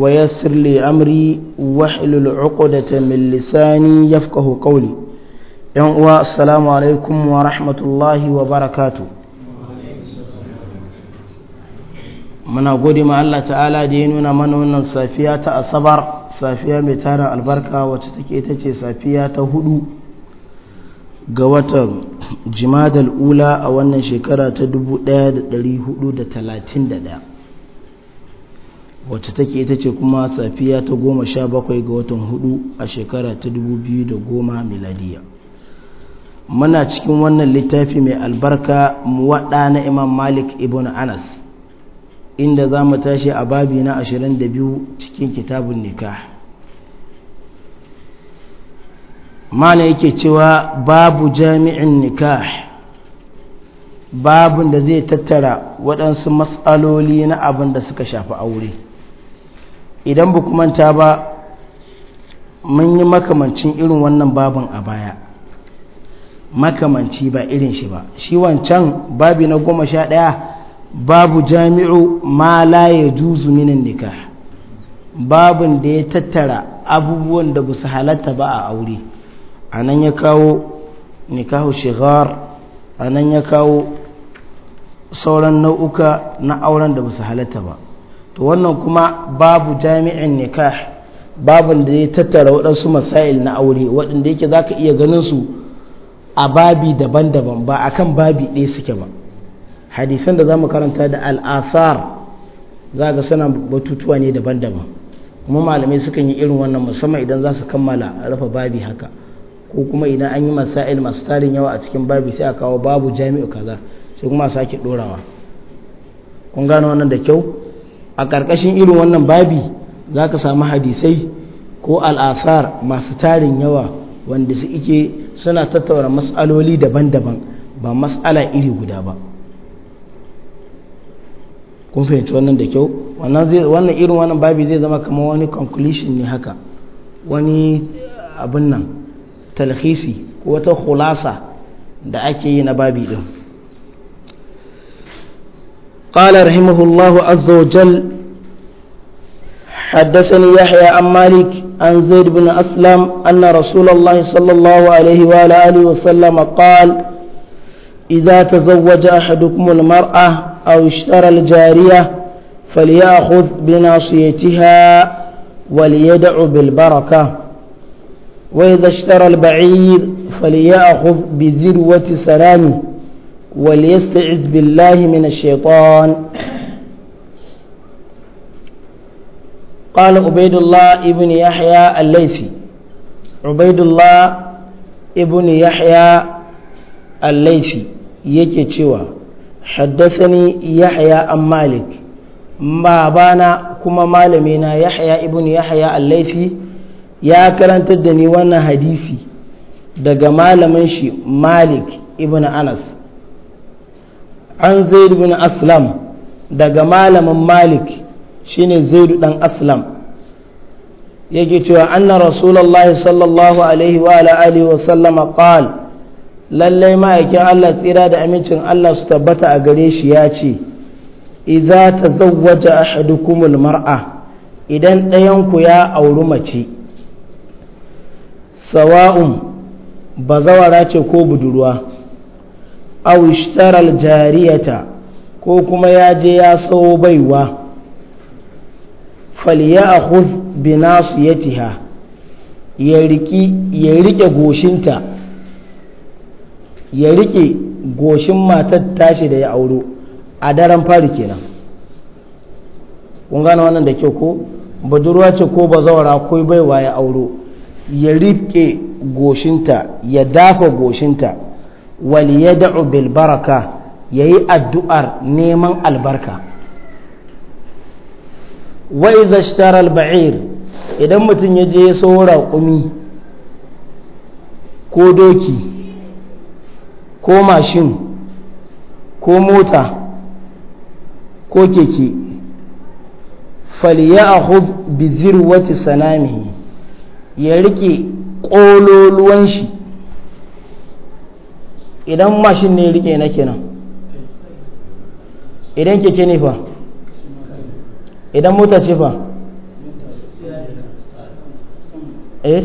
ويسر لي أمري واحلل عقدة من لساني يفقه قولي يوم السلام عليكم ورحمة الله وبركاته muna gode ma Allah ta'ala da ya nuna mana wannan safiya ta asabar safiya mai tara albarka wacce take ita ce safiya ta hudu ga watan jimadal ula a wannan shekara ta 1431 wacce take ita ce kuma safiya ta goma sha bakwai ga watan hudu a shekara ta dubu biyu da goma miladiya muna cikin wannan littafi mai albarka muwaɗa na imam malik ibn anas inda za mu tashi a babi na ashirin da biyu cikin kitabun nikah mana yake cewa babu jami'in nikah babun da zai tattara waɗansu matsaloli na abin da suka shafi aure idan ba manta ba mun yi makamancin irin wannan babin a baya makamanci ba irin shi ba shi wancan babi na goma sha ɗaya babu jami'u ma la ya juzu minin nikah babin da ya tattara abubuwan da ba su halatta ba a aure a nan ya kawo nikahu shigar a nan ya kawo sauran nau'uka na auren da ba su halatta ba to wannan kuma babu jami'in nikah babin da ya tattara waɗansu masail na aure waɗanda yake za ka iya ganin su a babi daban-daban ba a kan babi ɗaya suke ba hadisan da za mu karanta da al'asar za ga suna batutuwa ne daban-daban kuma malamai sukan yi irin wannan musamman idan za su kammala rafa babi haka ko kuma idan an yi masail masu tarin yawa a cikin babi sai a kawo babu jami'u kaza sai kuma a sake ɗorawa kun gano wannan da kyau a ƙarƙashin irin wannan babi za ka samu hadisai ko al'asar masu tarin yawa wanda su ike suna tattaura matsaloli daban-daban ba matsala iri guda ba kun fahimci wannan da kyau wannan irin wannan babi zai zama kamar wani conclusion ne haka wani abin nan talhisi ko wata khulasa da ake yi na babi din قال رحمه الله عز وجل حدثني يحيى عن مالك عن زيد بن أسلم أن رسول الله صلى الله عليه وآله وسلم قال إذا تزوج أحدكم المرأة أو اشترى الجارية فليأخذ بناصيتها وليدع بالبركة وإذا اشترى البعير فليأخذ بذروة سلامه وليستعذ بالله من الشيطان قال عبيد الله ابن يحيى الليثي عبيد الله ابن يحيى الليثي yake cewa haddasani yahya an malik babana kuma malamina yahya ibn yahya al ya karantar da ni wannan hadisi daga malamin shi malik ibn anas an zaid bin aslam daga malamin malik shine zaid dan aslam yake cewa anna rasulullahi sallallahu alaihi wa ala alihi wa sallama qal lallai ma'aikin Allah tsira da amincin Allah su tabbata a gare shi ya ce idza tazawwaja ahadukumul mar'a idan ɗayan ku ya auri mace sawa'un bazawara ce ko budurwa aw jariyata ko kuma ya je ya sawo baiwa falyakhudh a nasiyatiha ya riki ya rike goshinta ya rike goshin matar tashi da ya auro a daren fari kenan kun gane wannan da kyau ko budurwa ce ko bazawara ko baiwa ya auro ya rike goshinta ya dafa goshinta wal yad'u bil baraka yayi addu'ar neman albarka wa idha ishtara al ba'ir idan mutum ya je so raƙumi ko doki ko mashin ko mota ko keke falya'khudh bi zirwati sanami ya rike ƙololuwan shi idan mashin ne rike na kenan idan keke ne fa idan mota ce fa eh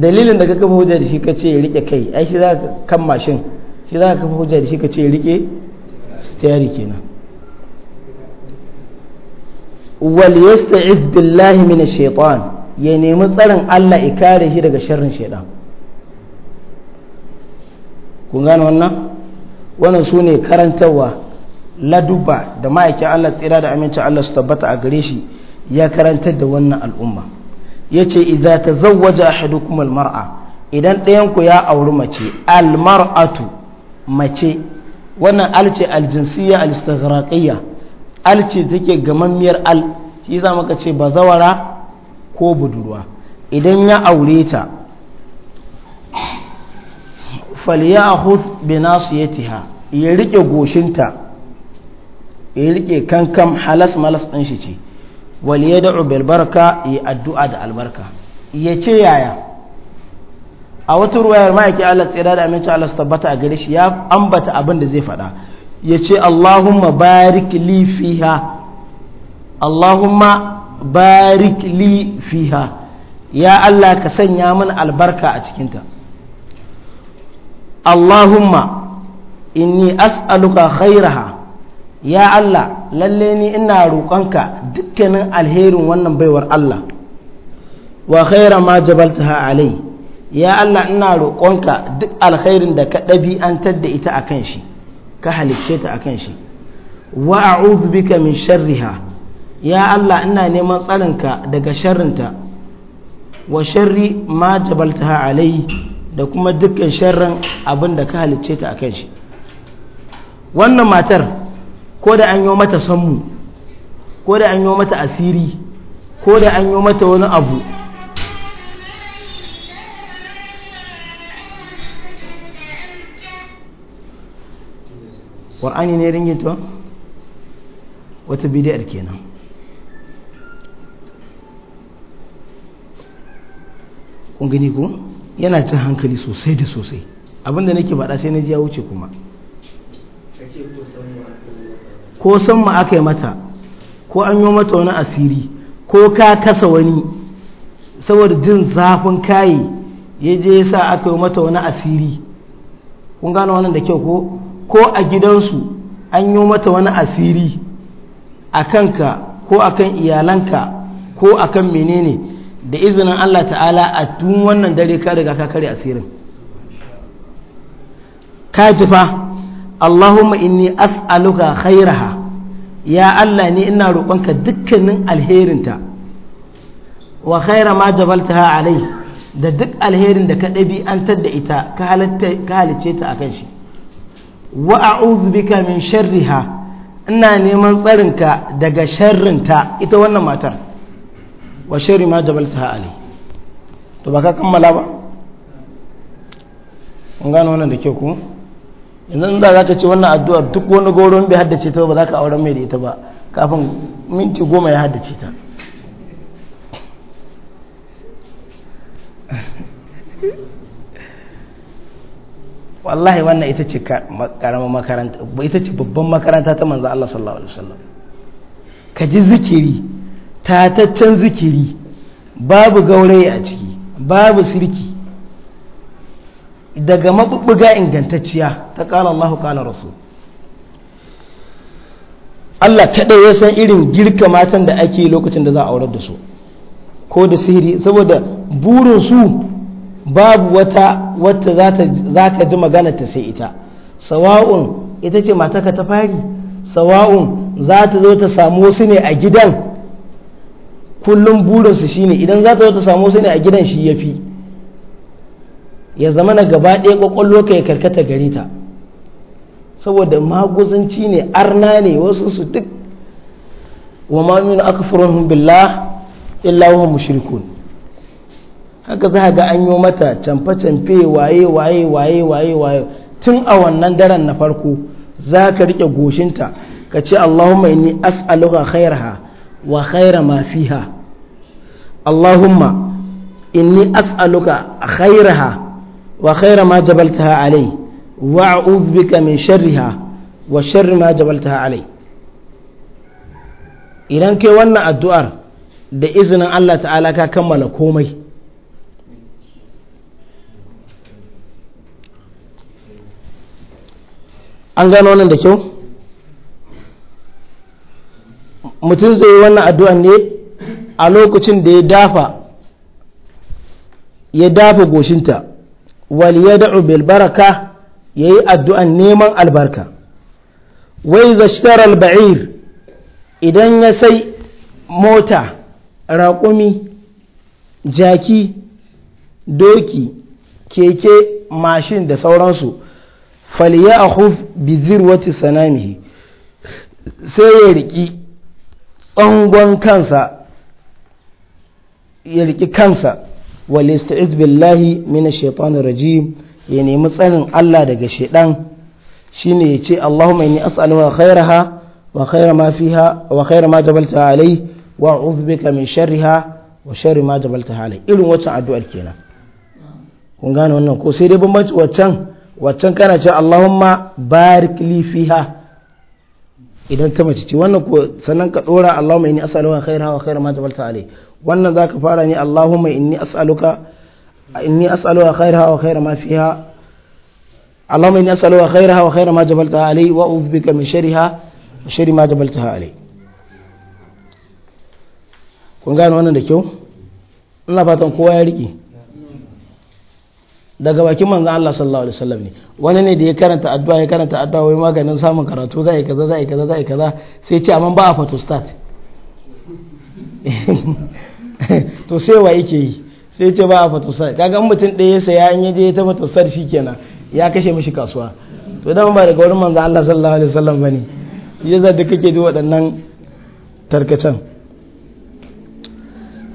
dalilin da ka kafa hujja da shi ka ce rike kai ai shi za ka kan mashin shi za ka kafa hujja da shi ka ce rike stiyari kenan wal yasta'iz billahi minash shaitan ya nemi tsarin Allah ya kare shi daga sharrin shaidan kun gane wannan wannan su ne karantarwa laduba da ma'aikin Allah tsira da amincin Allah su tabbata a gare shi ya karantar da wannan al'umma ya ce idan ta zawaja kuma almar'a idan ɗayanku ya auri mace almar'atu mace wannan alce aljinsiyya alistaghraƙiyya alce take gamammiyar al shi za maka ce ba zawara ko budurwa idan ya aure ta falyahuth bi nasiyatiha ya rike goshinta ya rike kankan halas malas din shi ce wal yad'u bil ya addu'a da albarka ya ce yaya a wata ruwayar ma'aiki Allah tsira da aminci Allah tabbata a gare shi ya ambata abin da zai faɗa ya ce Allahumma barik li fiha Allahumma barik li fiha ya Allah ka sanya mana albarka a cikinta Allahumma inni as'aluka khairaha ya Allah lalle ni ina roƙonka dukkanin alherin wannan baiwar Allah wa khaira ma jabaltaha alai ya Allah ina roƙonka duk alherin da ka ɗabi'antar da ita akan shi ka halicce ta akan shi wa a'udhu bika min sharriha ya Allah ina neman tsarinka daga sharrinta wa sharri ma ha alai da kuma dukkan sharrin abin da ka halicce ta akan shi wannan matar ko da an yi mata sammu ko da an yi mata asiri ko da an yi mata wani abu ƙwar'ani ne ringin to wata bidiyar kenan kun gani ko yana cin hankali sosai da sosai abinda nake faɗa sai na ji ya wuce kuma ko san ma aka yi mata ko an yi mata wani asiri ko ka kasa wani saboda jin zafin kayi ya je ya sa aka yi mata wani asiri kun gano wannan da kyau ko ko a gidansu an yi mata wani asiri a kanka ko a kan iyalanka ko a kan menene da izinin Allah ta'ala a tun wannan dare ka riga ka kare asirin ka ji fa Allahumma inni as'aluka khairaha ya Allah ni ina roƙonka dukkanin alherinta wa khaira ma jabaltaha alai da duk alherin da ka an da ita ka halicce ta akan shi wa a'udhu bika min sharriha ina neman tsarinka daga sharrinta ita wannan matar wa shari ma ta ali, to ba ka kammala ba kun gano wannan da kyau ku yanzu da za ka ce wannan addu'ar duk wani goron bai haddace ta ba za ka auren mai da ita ba kafin minti goma ya haddace ta wallahi wannan ita ce karama makaranta ita ce babban makaranta ta manzo Allah sallallahu alaihi wasallam ka ji zikiri tataccen zikiri babu gaurayi a ciki babu sirki daga mabubbuga ingantacciya ta kala Allah kala rasul Allah kaɗai ya san irin girka matan da ake lokacin da za a aurar da su ko da sihiri saboda burin su babu wata wata za ka ji magana ta sai ita sawa'un ita ce mataka ta fari sawa'un za ta zo ta samu wasu ne a gidan kullum burinsu shine idan za ta zo ta samu su ne a gidan shi ya fi ya zama na gaba ɗaya ƙwaƙwallo ka ya karkata gari ta saboda maguzanci ne arna ne wasu su duk wa ma nuna aka furohun billah illa wa mushrikun haka za ga an yi mata camfe-camfe waye waye waye waye waye tun a wannan daren na farko za ka riƙe goshinta ka ce allahumma inni as'aluka khairaha wa khaira ma fiha Allahumma inni as'aluka khairaha wa khaira ma jabaltaha alai wa a'udhu bika min sharriha wa sharri ma jabaltaha alai idan kai wannan addu'ar da izinin Allah ta'ala ka kammala komai an gano nan da kyau mutum zai yi wannan addu'a ne a lokacin da ya dafa ya dafa goshinta wal ya da'u bil ya yi addu'an neman albarka wai zashtar al-ba'ir idan ya sai mota raƙumi jaki doki keke mashin da sauransu ya a huf bizir wata sanamihi sai ya riƙi. tsangon kansa ya riki kansa wal isti'id billahi mina shaitanin rajim ya nemi tsanin Allah daga shaidan ne ya ce Allahumma inni as'aluka khairaha wa khaira ma fiha wa khaira ma jabalta alai wa a'udhu bika min ha wa sharri ma jabalta alai irin waccan addu'ar kenan kun gane wannan ko sai dai bambanci waccan waccan kana ce Allahumma barik li fiha idan ta mace ce wannan ko sannan ka dora Allahumma inni as'aluka khaira wa khaira ma jabalta alai wannan zaka fara ne Allahumma inni as'aluka inni as'aluka khaira wa khaira ma fiha khaira wa khaira ma jabalta alai wa a'udhu bika min من wa وشر ma jabalta alai kun gane wannan da kyau ina fatan kowa ya rike daga bakin manzan Allah sallallahu alaihi wasallam ne wani ne da ya karanta addu'a ya karanta addu'a wai maganin samun karatu za yi kaza za yi kaza za yi kaza sai ce amma ba a photostat to sai wa yake yi sai ce ba a photostat kaga in mutum ɗaya saya in je ta photostat shikenan ya kashe mishi kasuwa to dan ba daga wurin manzan Allah sallallahu alaihi wasallam bane shi yasa duka kake ji waɗannan tarkacen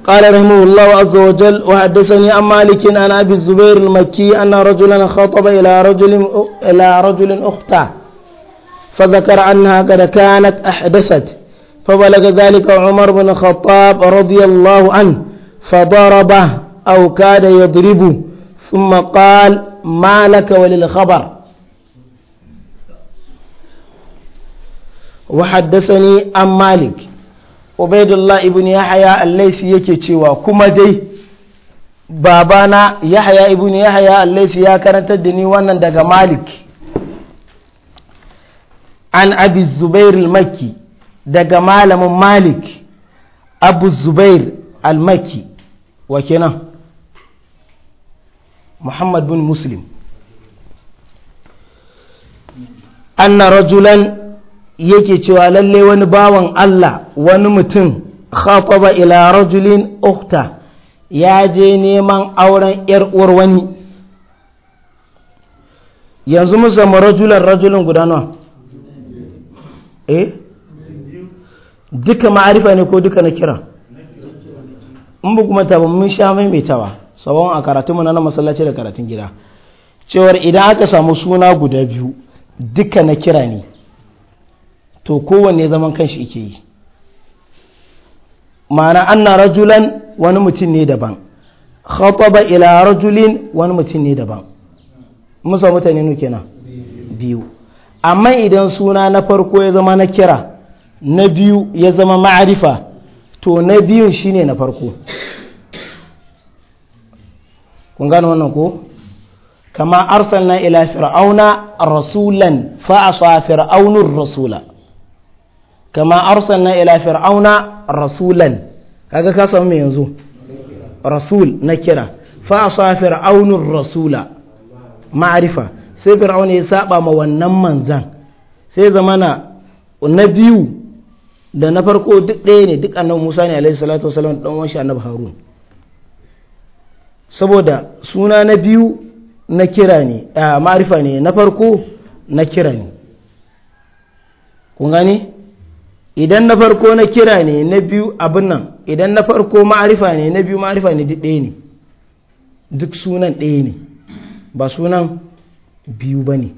قال رحمه الله عز وجل وحدثني عن مالك عن ابي الزبير المكي ان رجلا خطب الى رجل الى رجل اخته فذكر انها قد كانت احدثت فبلغ ذلك عمر بن الخطاب رضي الله عنه فضربه او كاد يضربه ثم قال ما لك وللخبر وحدثني عن مالك ubaidullah ibn yahya al yake cewa kuma dai babana yahya ibn yahya al ya karantar da ni wannan daga malik an abi zubair al-makki daga malamin malik abu zubair al-makki wa kenan muhammad bin muslim anna rajulan yake cewa lalle wani bawan Allah wani mutum khafaba ila rajulin ukta ya je neman auren yar uwar wani yanzu mu zama rajulan rajulin guda nawa eh duka ma'arifa ne ko duka na kira in bu kuma ta mun sha maimaitawa sabon a karatun na masallaci da karatun gida cewar idan aka samu suna guda biyu duka na kira ne to kowanne zaman kanshi ike yi ma'ana anna rajulan wani mutum ne daban khataba ila rajulin wani mutum ne daban musa mutane nuke na biyu amma idan suna na farko ya zama na kira na biyu ya zama ma'arifa to na biyun shine na farko kun gano wannan ko kama arsalna ila fir'auna rasulan fa asa fir'aunur rasula kama arsalna ila fir'auna rasulan kaga ka samu me yanzu rasul na kira fa asa fir'aunur rasula ma'arifa sai fir'aun ya saba ma wannan manzan sai zamana na biyu da na farko duk ɗaya ne duk annabi Musa ne alaihi salatu wasallam dan shi annabi Harun saboda suna na biyu na kira ne a ma'arifa ne na farko na kira ne kun gani? idan na farko na kira ne na biyu abin nan idan na farko ma'arifa ne na biyu ma'arifa ne duk ɗaya ne duk sunan ɗaya ne ba sunan biyu ba ne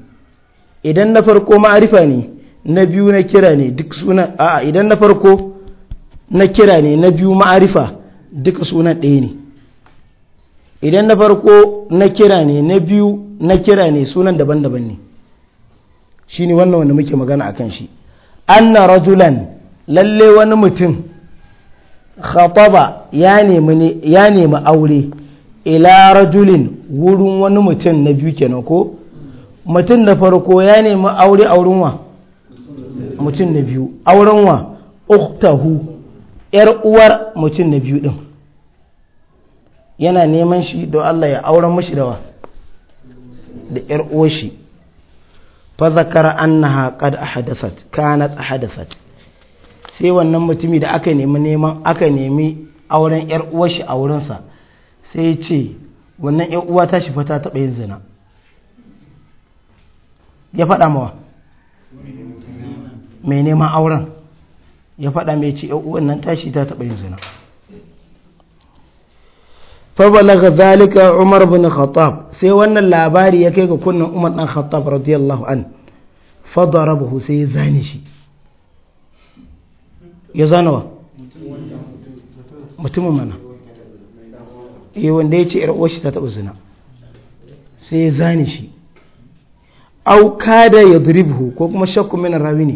idan na farko ma'arifa ne na biyu na kira ne duk sunan a idan na farko na kira ne na biyu ma'arifa duka sunan ɗaya ne idan na farko na kira ne na biyu na kira ne sunan daban-daban ne shi ne wannan wanda muke magana a kan shi anna rajulan lalle wani mutum khataba ya nemi aure ila rajulin wurin wani mutum na biyu kenan ko mutum na farko ya nemi aure auren wa mutum na biyu auren wa uktahu yar uwar mutum na biyu din yana neman shi don Allah ya auren mashi da wa da yar uwar shi fazakar annaha qad ahdathat kanat ahdathat sai wannan mutumi da aka nemi neman aka nemi auren yar uwar shi a wurin sa sai ya ce wannan yar uwa ta shi fa ta taba yin zina ya faɗa mawa mai neman auren ya faɗa mai ce yar uwan nan ta shi ta taba yin zina فبلغ ذلك عمر بن الخطاب sai wannan لاباري يكيك كنا عمر بن الخطاب رضي الله عنه فضربه سي زانشي ya zana wa mutumin mana yi wanda ya ce shi ta taɓa zina sai ya zane shi au kada ya duribhu ko kuma shakku mina rawi ne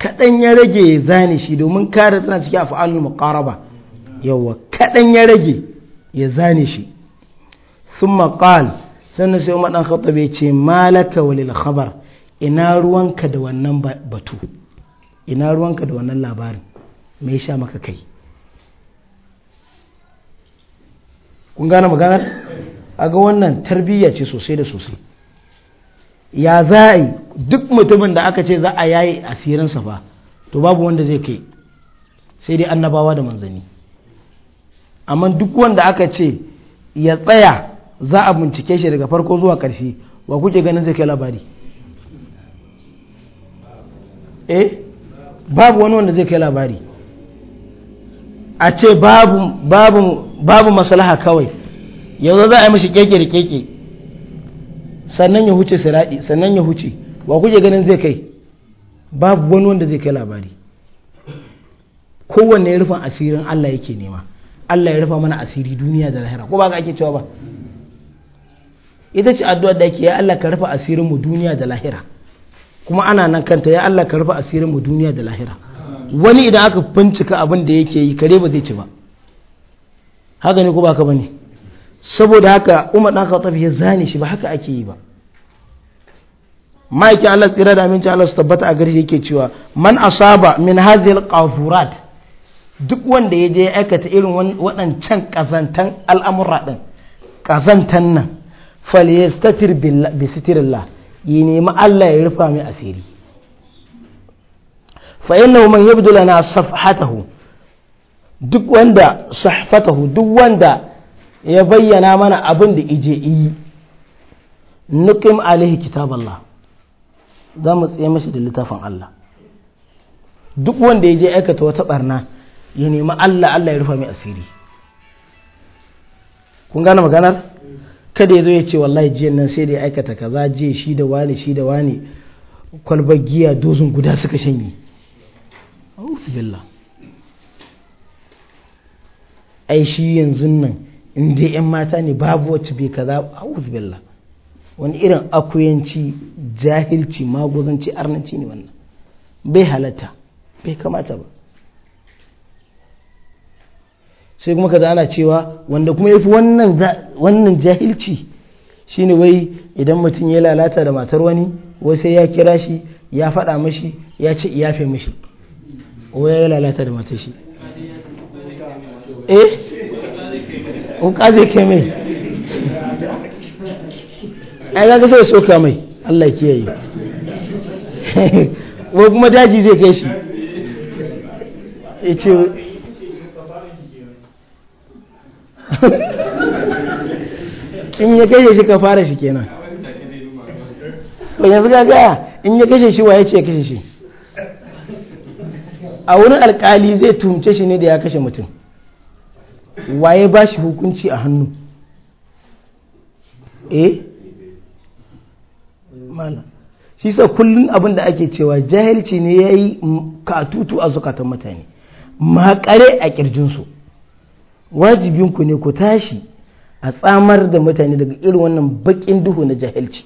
kaɗan ya rage ya zane shi domin kada tana ciki a fa'alul muqaraba yawa kaɗan ya rage ya zane shi sun maƙal sannan sai umar ɗan khattab ya ce malaka walil khabar ina ruwanka da wannan batu ina ruwanka da wannan labarin me ya sha maka kai kun gane maganar a ga wannan tarbiyya ce sosai da sosai ya za a yi duk mutumin da aka ce za a yayi asirinsa ba to babu wanda zai kai sai dai annabawa da manzanni amma duk wanda aka ce ya tsaya za a bincike shi daga farko zuwa ƙarshe wa kuke ganin zai kai labari eh babu wani wanda zai kai labari a ce babu babu babu maslaha kawai yanzu za a yi mashi keke da keke sannan ya huce siradi sannan ya huce wa kuke ganin zai kai babu wani wanda zai kai labari kowanne rufin asirin Allah yake nema Allah ya rufa mana asiri duniya da lahira ko ba ka ake cewa ba ita ce addu'ar da ke ya Allah ka rufa asirin mu duniya da lahira kuma ana nan kanta ya Allah ka rufa asirin mu duniya da lahira wani idan aka bincika abin da yake yi kare ba zai ci ba haka ne ko ba ka bane saboda haka Umar dan Khattab ya zane shi ba haka ake yi ba ma'aikin Allah tsira da aminci Allah su tabbata a gari yake cewa man asaba min hadhihi al-qafurat duk wanda ya je ya aikata irin waɗancan ƙazantan al'amura ɗin ƙazantan nan faliyastatir bisitirillah yi nemi Allah ya rufa mai asiri na umar yabdu lana safhatahu duk wanda duk wanda ya bayyana mana abin da ije yi nuqim alaihi Allah za mu tsaye mashi da littafin Allah duk wanda ya je aikata wata barna ya nemi Allah Allah ya rufa mai asiri kun gane maganar kada ya zo ya ce wallahi jiyan nan sai da ya aikata kaza je shi da wani shi da wani kwalbar giya dozin guda suka shanye billah ai shi yanzu nan in dai yan mata ne babu wacce bai kaza billah wani irin akuyanci jahilci magozanci arnanci ne wannan bai halatta bai kamata ba sai kuma kaza ana cewa wanda kuma yafi wannan wannan jahilci shine wai idan mutum ya lalata da matar wani wai sai ya kira shi ya faɗa mashi ya ce ya fi mashi wai ya lalata da matar shi eh wuka zai kai mai ai ga sai soka mai Allah ya kiyaye wai kuma daji zai kai shi ya ce in ya kashe shi ka fara shi kenan yanzu gaya in ya kashe shi waye ce ya kashe shi a wurin alkali zai tumce shi ne da ya kashe mutum waye ba shi hukunci a hannu eh mana shi sa kullum abin da ake cewa jahilci ne ya yi katutu a zukatan mutane makare a kirjinsu wajibinku ne ku tashi a tsamar da mutane daga irin wannan bakin duhu na jahilci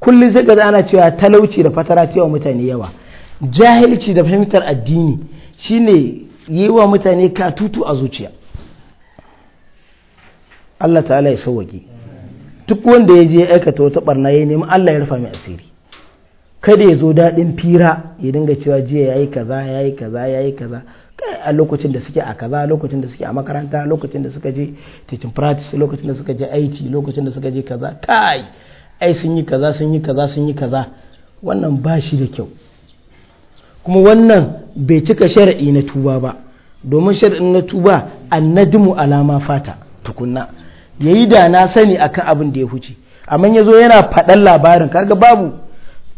kullum sai ga ana cewa talauci da fatara ta mutane yawa jahilci da fahimtar addini shine yi wa mutane ka tutu a zuciya Allah ta'ala ya sauwaki duk wanda ya je ya aikata wata barna ya nemi Allah ya rufa mai asiri kada ya zo daɗin fira ya dinga cewa jiya ya yi kaza ya yi kaza ya yi kaza a lokacin da suke a kaza lokacin da suke a makaranta lokacin da suka je teaching practice lokacin da suka je aiki lokacin da suka je kaza kai ai sun yi kaza sun yi kaza sun yi kaza wannan ba shi da kyau kuma wannan bai cika shari'i na tuba ba domin shari'in na tuba annadimu alama fata tukunna yayi da na sani akan abin da ya huce amma ya yana faɗan labarin kaga babu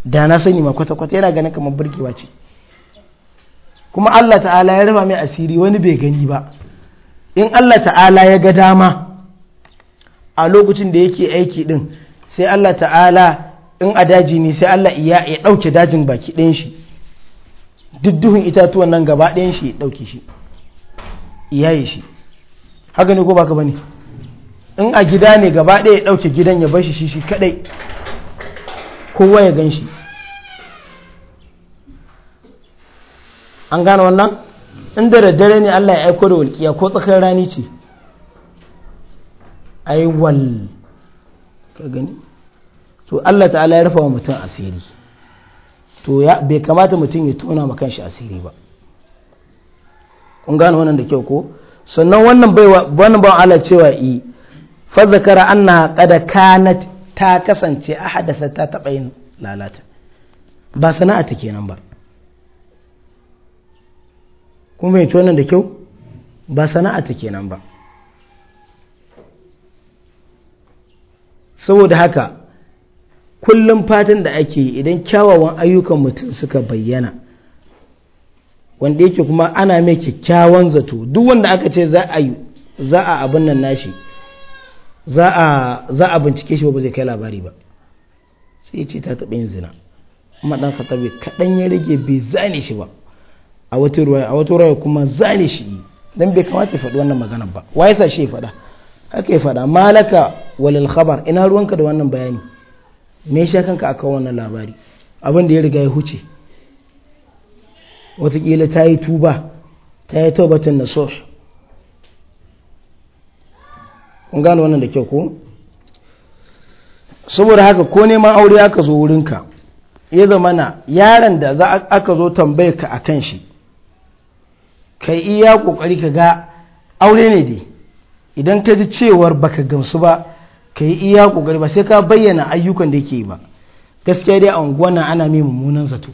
da na sani ma kwata-kwata yana ganin kamar burgewa ce kuma Allah ta'ala ya raba mai asiri wani bai gani ba in Allah ta'ala ya ga dama a lokacin da yake aiki din sai Allah ta'ala in a daji ne sai Allah ya ɗauke dajin baki ɗin shi duk itatuwan nan gaba ɗin shi ya ɗauke shi iyaye shi haka ne ko baka bane in a gida ne gaba ɗaya ya ɗauke gidan ya bashi shi shi kaɗai kowa ya gan shi an gane wannan in da dare ne Allah ya aiko da walƙiya ko tsakar rani ce ai ka gani to Allah ta'ala ya rufa wa mutum asiri to ya bai kamata mutum ya tona ma kanshi asiri ba kun gane wannan da kyau ko sannan wannan bai wannan ba Allah cewa i fa zakara anna qad kanat ta kasance a hadasa ta taba yin lalata ba sana'a ta kenan ba bai mai wannan da kyau ba sana'a ta kenan ba saboda haka kullum fatan da ake yi idan kyawawan ayyukan mutum suka bayyana wanda yake kuma ana mai kyakkyawan zato duk wanda aka ce za a yi za a abin nan nashi za a bincike shi ba zai kai labari ba sai ce ta taɓa yin zina amma ɗan katabi kaɗan ya rage bai zane shi ba a wata ruwaya a wata ruwaya kuma zane shi dan bai kamata ya faɗi wannan magana ba wa yasa shi ya faɗa haka ya faɗa malaka walil khabar ina ruwanka da wannan bayani me ya sha kanka akan wannan labari abin da ya riga ya huce watakila ta yi tuba ta yi taubatin nasuh kun gane wannan da kyau ko saboda haka ko neman aure aka zo wurinka ya zama na yaron da za aka zo tambayar ka kan shi kai iya kokari ka ga aure ne dai idan ka ji cewar baka gamsu ba ka yi iya kokari ba sai ka bayyana ayyukan da yake yi ba gaskiya dai a unguwa ana mai mummunan zato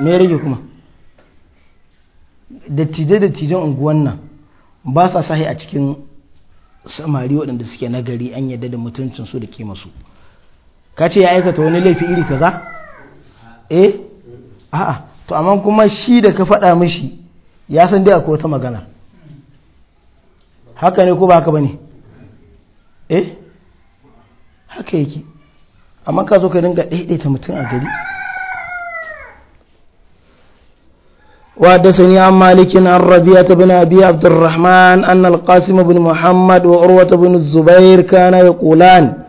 me rage kuma dattijai dattijan unguwan nan ba sa sahi a cikin samari waɗanda suke nagari an yadda da mutuncin su da ke masu ka ce ya aikata wani laifi iri kaza eh a'a to amma kuma shi da ka faɗa mashi. ya san dai akwai wata magana haka ne ko bane eh haka yake amma ka zo ka dinga daidaita mutun a gari wa da sani an malikin ar-rabi'a ibn abi abdurrahman anna al-qasim muhammad wa bin ibn zubair kana yaqulan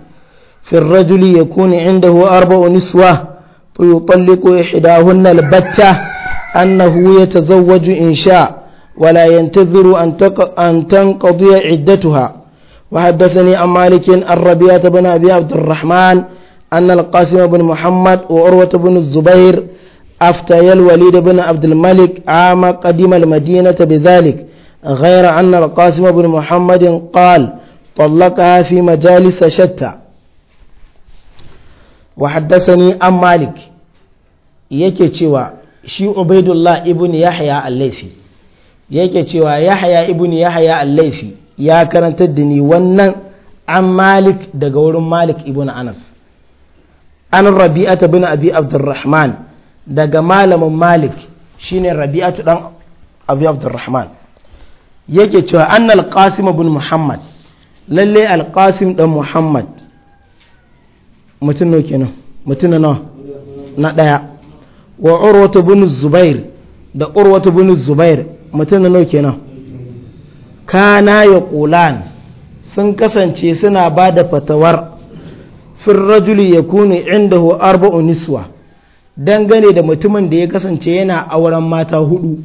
fi ar-rajuli yakunu indahu arba'u niswa fi yutalliqu ihdahunna al-batta أنه يتزوج إن شاء ولا ينتظر أن تنقضي عدتها وحدثني عن مالك الربيعة بن أبي عبد الرحمن أن القاسم بن محمد وعروة بن الزبير أفتيا الوليد بن عبد الملك عام قدم المدينة بذلك غير أن القاسم بن محمد قال طلقها في مجالس شتى وحدثني عن مالك yake cewa shi ubaidullah ibn yahya al-laifi yake cewa yahya ibn yahya al-laifi ya karanta da ni wannan an malik daga wurin malik ibn anas an rabi'ata bin abi abdurrahman daga malamin malik shine rabi'atu dan abi abdurrahman yake cewa an al-qasim ibn muhammad lalle al-qasim dan muhammad mutum ne kenan mutum na na daya wa urwatu bin zubair da urwatu bin zubair mutum na nauke nan kana ya ƙulan sun kasance suna ba da fatawar fin rajuli ya kuni inda hu arba'u niswa dangane da mutumin da ya kasance yana auren mata hudu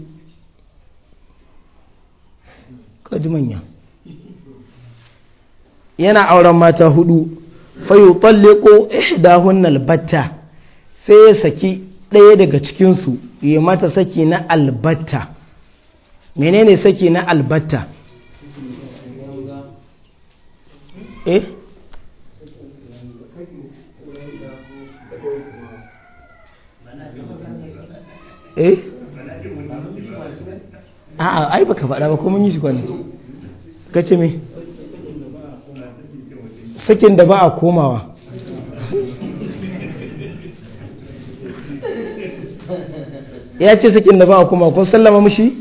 yana auren mata hudu fayu talliko ihdahunnal batta sai ya saki ɗaya daga cikinsu ya mata saki na albatta menene saki na albatta eh eh a'a ai baka faɗa ba ko mun yi shi kwanaki kace me sakin da ba a komawa ya ce sakin da ba a kuma kun sallama mushi?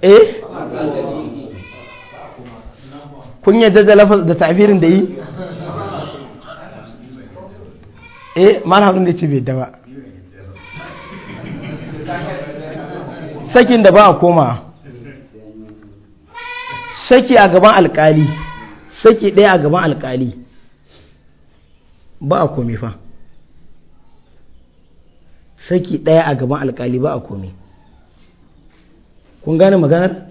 eh kun yadda da lafaz da ta'birin da yi eh malhaɗin da ce bai da ba sakin da ba a koma saki a gaban alkali saki ɗaya a gaban alkali ba a komi fa saki ɗaya a gaban alkali ba a komi kun gane maganar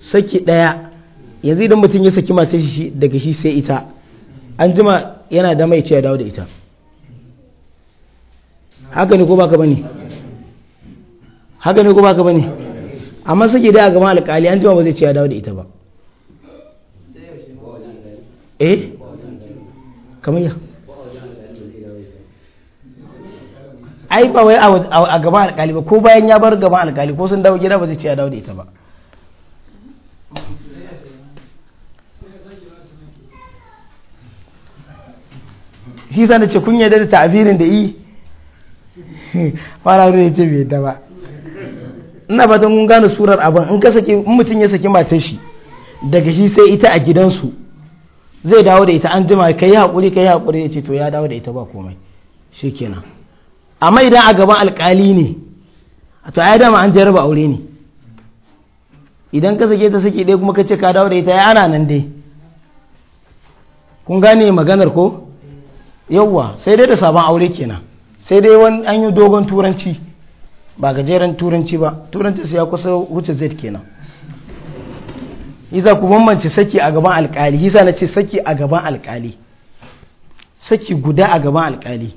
saki ɗaya yanzu idan mutum ya saki mace shi daga shi sai ita an jima yana da mai ce ya dawo da ita haka ne ko baka bane haka ne ko baka bane amma saki ɗaya a gaban alkali an jima ba zai ce ya dawo da ita ba eh kamar ya ai ba wai a gaba alkali ba ko bayan ya bar gaba alkali ko sun dawo gida ba zai ce ya dawo da ita ba shi sa ce kun yadda da ta'abirin da yi fara ya ce bai yadda ba ina fatan kun gane surar abin in ka saki in mutum ya saki matar shi daga shi sai ita a gidansu zai dawo da ita an jima ka yi haƙuri ka yi haƙuri ya ce to ya dawo da ita ba komai shi kenan amma idan a gaban alƙali ne to ai dama an jarraba aure ne idan ka sake ta saki ɗaya kuma ka ce ka dawo da ita ya ana nan dai kun gane maganar ko yawwa sai dai da sabon aure kenan sai dai wani an yi dogon turanci ba gajeren turanci ba turanci sai ya kusa wuce zai kenan yasa ku bambance saki a gaban alkali yasa na ce saki a gaban alkali saki guda a gaban alkali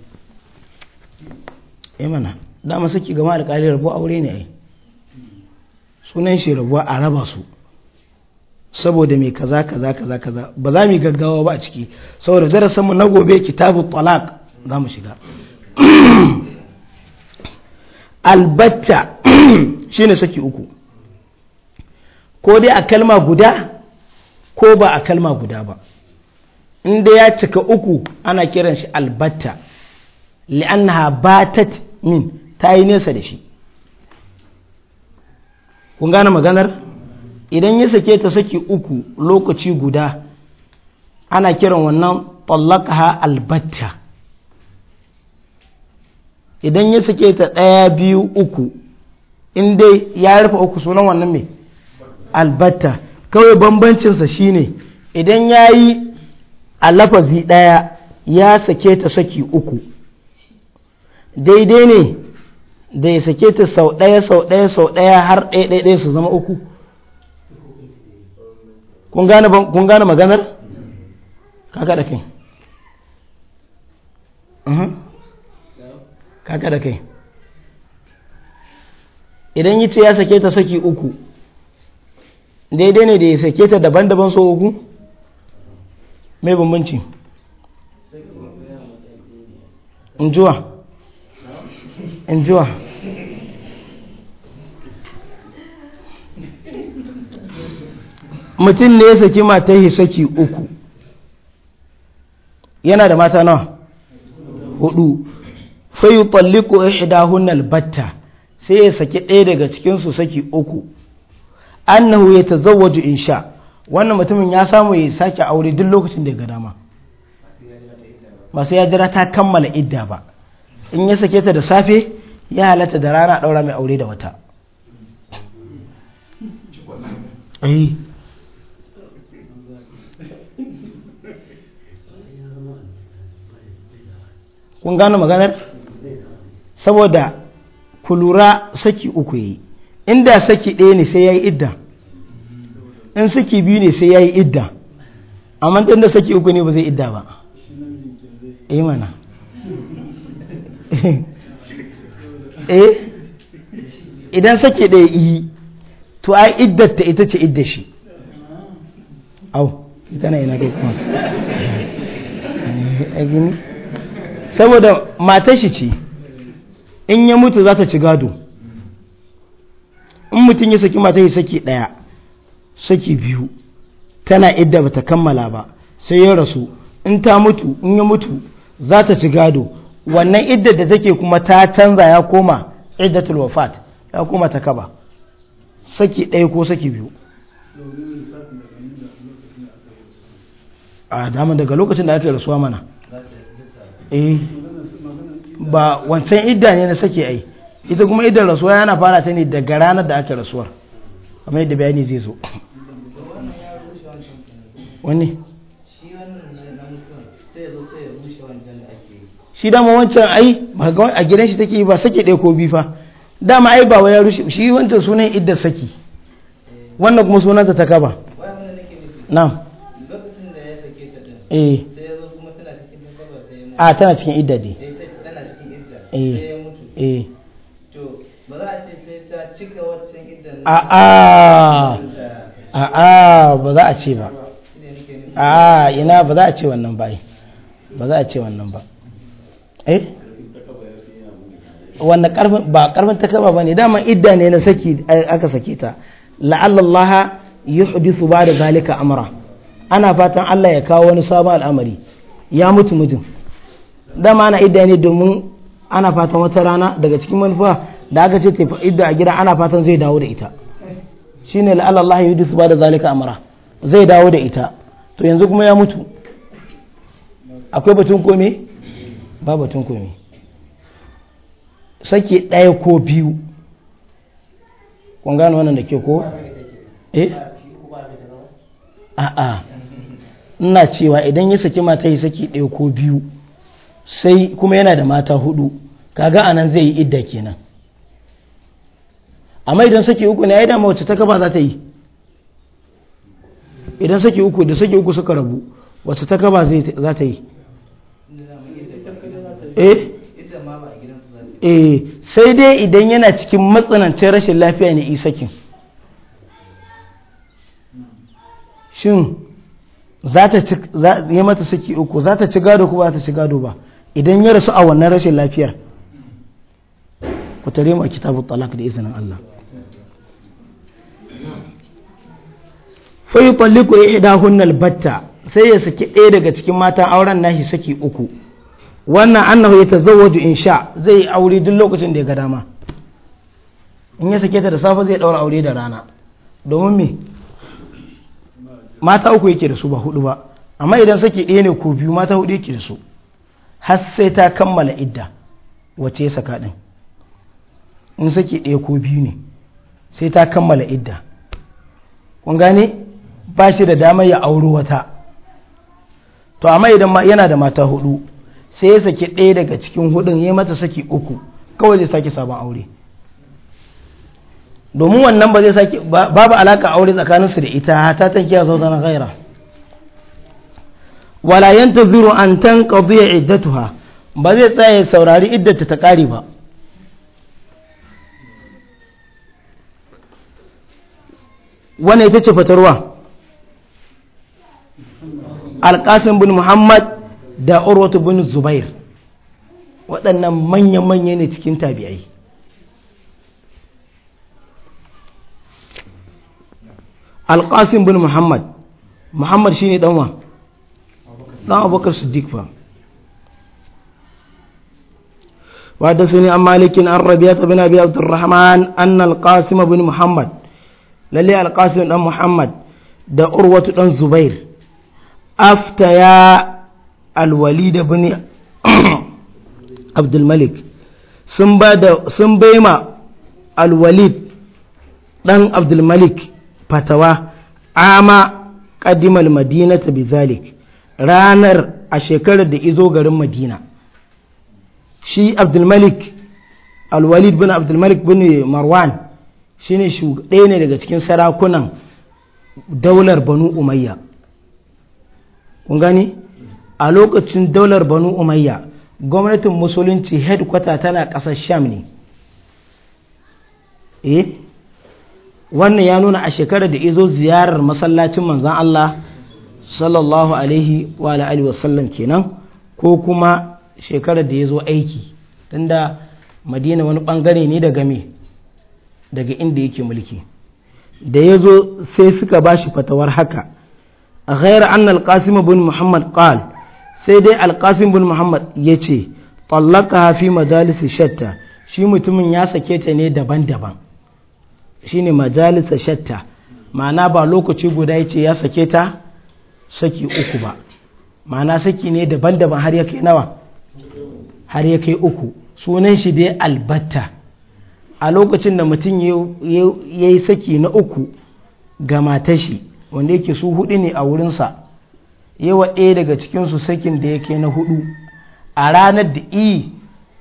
eh mana dama saki gaban alkali rabo aure ne ai sunan shi rabuwa a raba su saboda mai kaza kaza kaza kaza ba za mu gaggawa ba a ciki saboda darasin mu na gobe kitabu talaq za mu shiga albatta shine saki uku ko dai a kalma guda ko ba a kalma guda ba inda ya cika uku ana kiran shi albatta li'annaha batat min ta yi nesa da shi kun gane maganar idan ya sake ta saki uku lokaci guda ana kiran wannan tallakaha albatta idan ya sake ta ɗaya biyu uku in ya rufe uku sunan wannan mai albatta kawai bambancinsa shine idan ya yi a lafazi ɗaya ya sake ta saki uku daidai ne da ya sake ta sau ɗaya sau ɗaya sau ɗaya har ɗaya ɗaya su zama uku kun gane maganar kaka da kai kaka mhm. da kai idan yi ce ya sake ta saki uku daidai ne da ya sake ta daban-daban so uku mai bambanci injuwa injuwa mutum ne ya sake mata ya saki uku yana da mata nawa hudu fayu shida hunan batta sai ya saki ɗaya daga cikinsu saki uku annahu yatazawwaju in sha wannan mutumin ya samu ya sake aure duk lokacin da ya ga dama masu yajira ya jira ta kammala idda ba in ya sake ta da safe ya halatta da rana daura mai aure da wata eh. kun gano maganar saboda ku lura saki uku yi inda saki ɗaya ne sai ya yi idda in saki biyu ne sai ya yi idda amma ɗin da saki uku ne ba zai idda ba E mana eh idan saki ɗaya yi to ai ta ita ce idda shi au ita na ina kuma eh, saboda matashi ce in ya mutu za ta ci gado in mutum ya saki mata ya saki ɗaya saki biyu tana idda bata kammala ba sai ya rasu in ta mutu in ya mutu za ta ci gado wannan idda da take kuma ta canza ya koma iddatul wafat ya koma ta kaba saki ɗaya ko saki biyu a dama daga lokacin da aka rasuwa mana eh ba wancan idda ne na sake ai ita kuma idan rasuwa yana fara ta ne daga ranar da aka rasuwar kamar yadda bayani zai zo wani shi dama wancan ai a gidan shi take ba sake ɗaya ko biyu fa dama ai ba ya rushe shi wancan sunan idda saki wannan kuma sunan ta takaba na eh a tana cikin idda ne eh eh ba za a ce a'a a'a ba za a ce ba a'a ina ba za a ce wannan ba ba za a ce wannan ba eh wannan karfin ba karfin ta bane dama idda ne na saki aka saki ta la'allallaha yuhdithu ba'da zalika amra ana fatan Allah ya kawo wani sabon al'amari ya mutu mutum dama ana idda ne domin ana fatan wata rana daga cikin manufa da aka ce tafi idda a gida ana fatan zai dawo da ita shine la'alla Allah ya yudisu ba da zalika amara zai dawo da ita to yanzu kuma ya mutu akwai batun komi ba batun komi sake ɗaya ko biyu kun gano wannan da ke ko eh a'a ina cewa idan ya saki mata ya saki ɗaya ko biyu sai kuma yana da mata hudu kaga anan zai yi idda kenan amma idan saki uku ne ya yi dama wacce ta kaba za ta yi idan saki uku da saki uku suka rabu wacce ta kaba za ta yi eh? eh sai dai idan yana cikin matsanancin rashin lafiya ne isakin shin za ta ci ya mata saki uku za ta ci gado ko ba ta ci gado ba idan ya rasu a wannan rashin lafiyar ku tare mu a kitabu talak da izinin Allah fa yutalliqu ihdahunna albatta sai ya saki ɗaya daga cikin matan auren nashi saki uku wannan annahu yatazawwaju insha zai aure duk lokacin da ya ga dama in ya sake ta da safe zai daura aure da rana domin me mata uku yake da su ba hudu ba amma idan saki ɗaya ne ko biyu mata hudu yake da su har sai ta kammala idda wace saka din in saki ɗaya ko biyu ne sai ta kammala idda kun gane ba shi da damar ya auri wata to amma idan yana da mata hudu sai ya saki ɗaya daga cikin hudun ya mata saki uku kawai zai sake sabon aure domin wannan ba zai sake babu alaka aure tsakaninsu da ita ta tankiya zaunar gaira wala yantaziru an tanqadiya iddatuha ba zai tsaye saurari iddata ta kare ba wannan ita ce fatarwa alƙasim bin muhammad da urwatu bin zubair waɗannan manya-manya ne cikin tabi'ai alƙasim bin muhammad muhammad shine ɗanwa ɗan abubakar siddiq fa وحدثني عن مالك عن ربيعة بن أبي عبد الرحمن أن القاسم بن محمد للي القاسم بن محمد ده أروة بن زبير aftaya alwalid ibn abdul malik sun bai ma sun baima alwalid dan abdul malik fatawa ama qadimal madinata bizalik ranar a shekarar da izo garin madina shi abdulmalik alwalid bin abdulmalik bin marwan shi ne ɗaya ne daga cikin sarakunan daular banu umayya kun gani a lokacin daular banu umayya gwamnatin musulunci headquarter tana ƙasar sham ne eh wannan ya nuna a shekarar da izo ziyarar masallacin manzan Allah sallallahu alaihi wa alihi wasallam kenan ko kuma shekarar da ya zo aiki tunda madina wani bangare ne daga me daga inda yake mulki da ya zo sai suka bashi fatawar haka غير أن القاسم بن محمد قال سيدي القاسم بن محمد يتي طلقها في مجالس شتى shi mutumin ya sake ta ne daban-daban مجالس majalisa shatta ma'ana ba lokaci guda ya ce ya sake ta saki uku ba ma'ana saki ne daban-daban har ya kai nawa har ya uku sunan shi dai a lokacin da mutum ya yi saki na uku ga matashi wanda yake su hudu ne a wurinsa yawa ɗaya daga cikinsu sakin da yake na hudu a ranar da i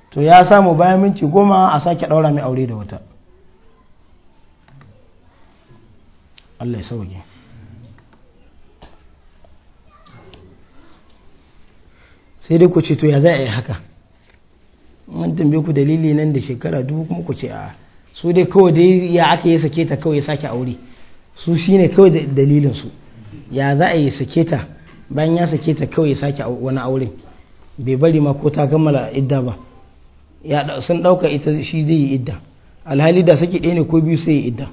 to ya samu bayan minti goma a sake ɗaura mai aure da wata Allah ya sauke sai dai ku ce to ya za a yi haka mun tambaye ku dalili nan da shekara dubu kuma ku ce a su dai kawai dai ya aka yi sake ta kawai ya sake aure su shi ne kawai dalilin su ya za a yi sake ta bayan ya sake ta kawai ya sake wani auren bai bari ma ko ta kammala idda ba ya sun dauka ita shi zai yi idda alhali da sake ɗaya ne ko biyu sai yi idda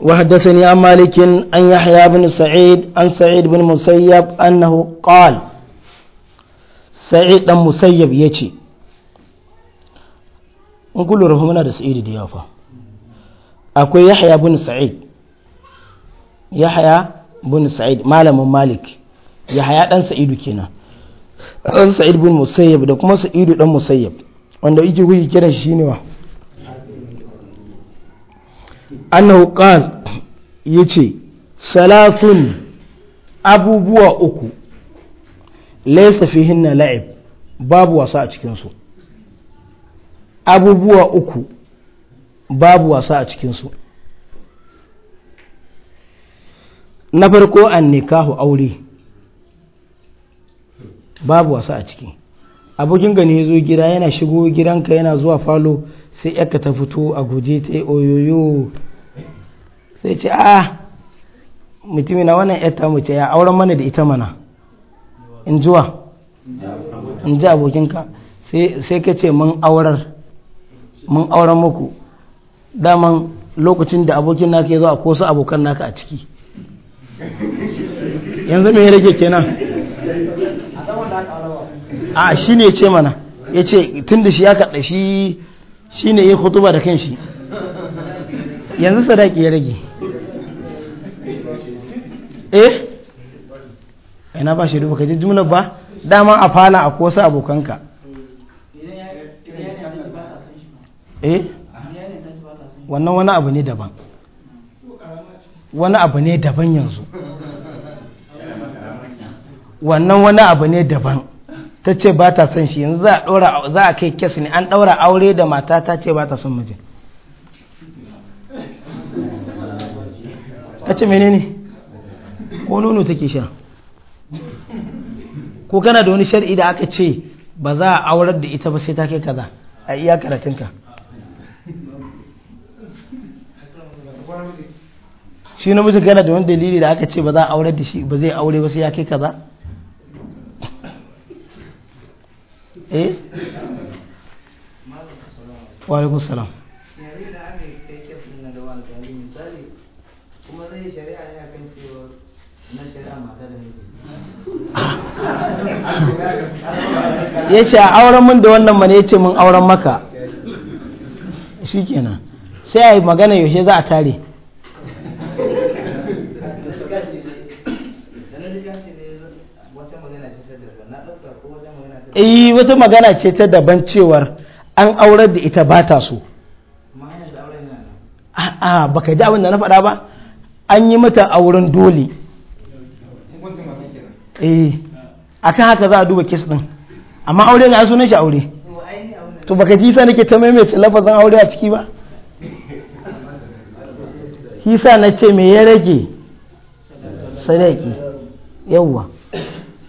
وحدثني عن مالك أن يحيى بن سعيد عن سعيد بن مسيب أنه قال سعيد بن مسيب يتي نقول له هنا سعيد دي akwai yahya bin sa'id yahya bin sa'id malamin malik yahya dan sa'idu kenan dan sa'id bin musayyab da kuma sa'idu dan musayyab wanda yake kuke kiran shi ne wa annahu qal yace salafun abubuwa uku laysa fihinna la'ib babu wasa a cikin su abubuwa uku babu wasa a cikin su na farko an nikahu aure babu wasa a ciki abokin gani ya zo gida yana shigo gidanka yana zuwa falo sai yaka ta fito a guje ta oyoyo sai ce a ah, na wannan yata mace ya auren mana da ita mana in zuwa in ji abokinka sai ka ce mun auren muku daman lokacin da abokin naka ya zo a kosa abokan naka a ciki yanzu mai rage kenan a shi ne ce mana ya ce tun da shi ya kaɗa shi shi ne ya hutuba da kanshi yanzu sadaki ya rage eh ina ba shi dubu kaji ji ba dama a fana a kosa abokanka eh wannan wani abu ne daban wani abu ne daban yanzu wannan wani abu ne daban ta ce ba ta son shi yanzu za a kai kes ne an ɗaura aure da mata ta ce ba ta son mijin ta ce menene ko nono take sha ko kana da wani shari'i da aka ce ba za a aurar da ita ba sai ta kai kaza a iya karatunka shi namiji gana da wani dalili da aka ce ba za a aure da shi ba zai aure ba sai ya kai kaza eh wa alaikum salam ya ce a auren mun da wannan mana ya ce mun auren maka shi kenan sai a yi magana yaushe za a tare eh wata magana ce ta daban cewar an aurar da ita ba ta so a'a baka ji abin da na faɗa ba an yi mata auren dole eh, A kan haka za a duba kes ɗin, amma aure ga sunan shi aure to baka ji sa nake ta maimaita lafazin aure a ciki ba shi sa na ce me ya rage sadaki yawwa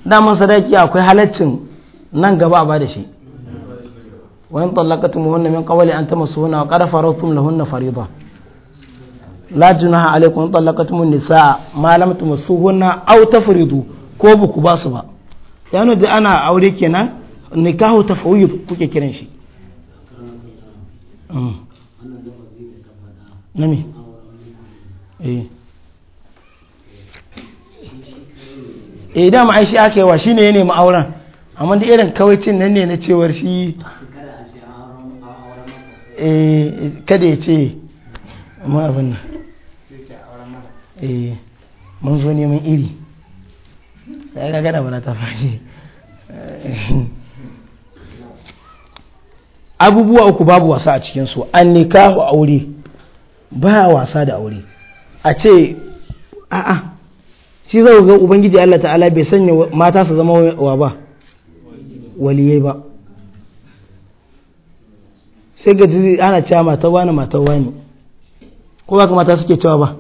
daman sadaki akwai halaccin nan gaba ba da shi wani tallakatun muhunna min kawali an tama su hunna wa kada faru tun lahunna farida la juna ha alaikun tallakatun mun nisa ma lam tama su au ta faridu ko ba ku ba su ba yano da ana aure kenan nikahu ta fawid kuke kiran shi mm. nami eh, eh ake wa shine yene ma'auran amma da irin kawaicin nan ne na cewar shi eh, kada ya ce ma abin nan eh, mun zo neman iri sai ga gada mana ta fashe abubuwa uku babu wasa a cikinsu an nikahu aure ba wasa da aure a ce a'a shi zai ga ubangiji Allah ta'ala bai sanya mata su zama wa ba waliye ba sai ga ji ana cewa mata wani mata wani ko ba mata suke cewa ba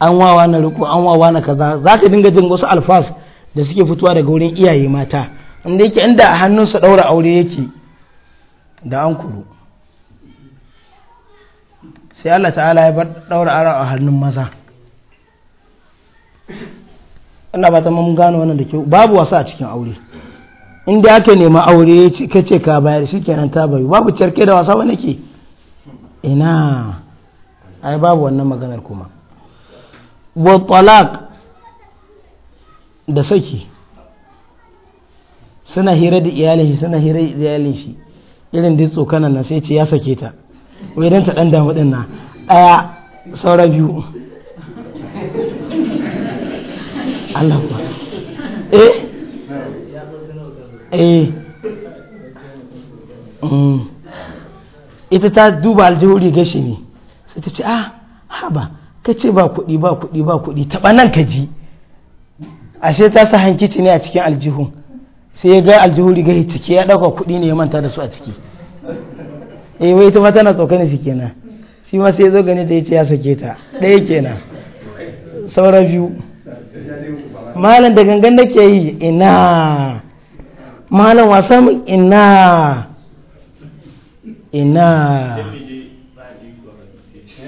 an wawa na riko an wawa na kaza za ka dinga jin wasu alfas da suke fitowa daga wurin iyaye mata inda yake inda a hannunsa ɗaura aure yake da an kuru sai Allah ta'ala ya bar ɗaura ara a hannun maza ina ba ta mun gano wannan da ke babu wasa a cikin aure Inda aka nema aure ka ce ka bayar shi kenan ta bayu babu cirke da wasa wani ke ina ai babu wannan maganar kuma wa talaq da saki suna hira da iyalin shi suna hira da iyalin shi irin da tsokanan na sai ce ya sake ta wai dan ta dan damu din na aya saura biyu Allah eh eh mm. ita ta duba aljihuri gashi ne sai ta ce ah haba ka ce ba kuɗi ba kuɗi ba kuɗi taɓa nan ka ji ashe ta sa hankici ne a cikin aljihun sai ya ga aljihuri gashi ciki ya ɗauka kuɗi ne ya manta da su a ciki eh wai ita ma tana na shi kenan shi ma sai ya zo gani ta ya ya sake ta ɗaya kenan sauran biyu malam da gangan nake yi ina malam wasa mu ina ina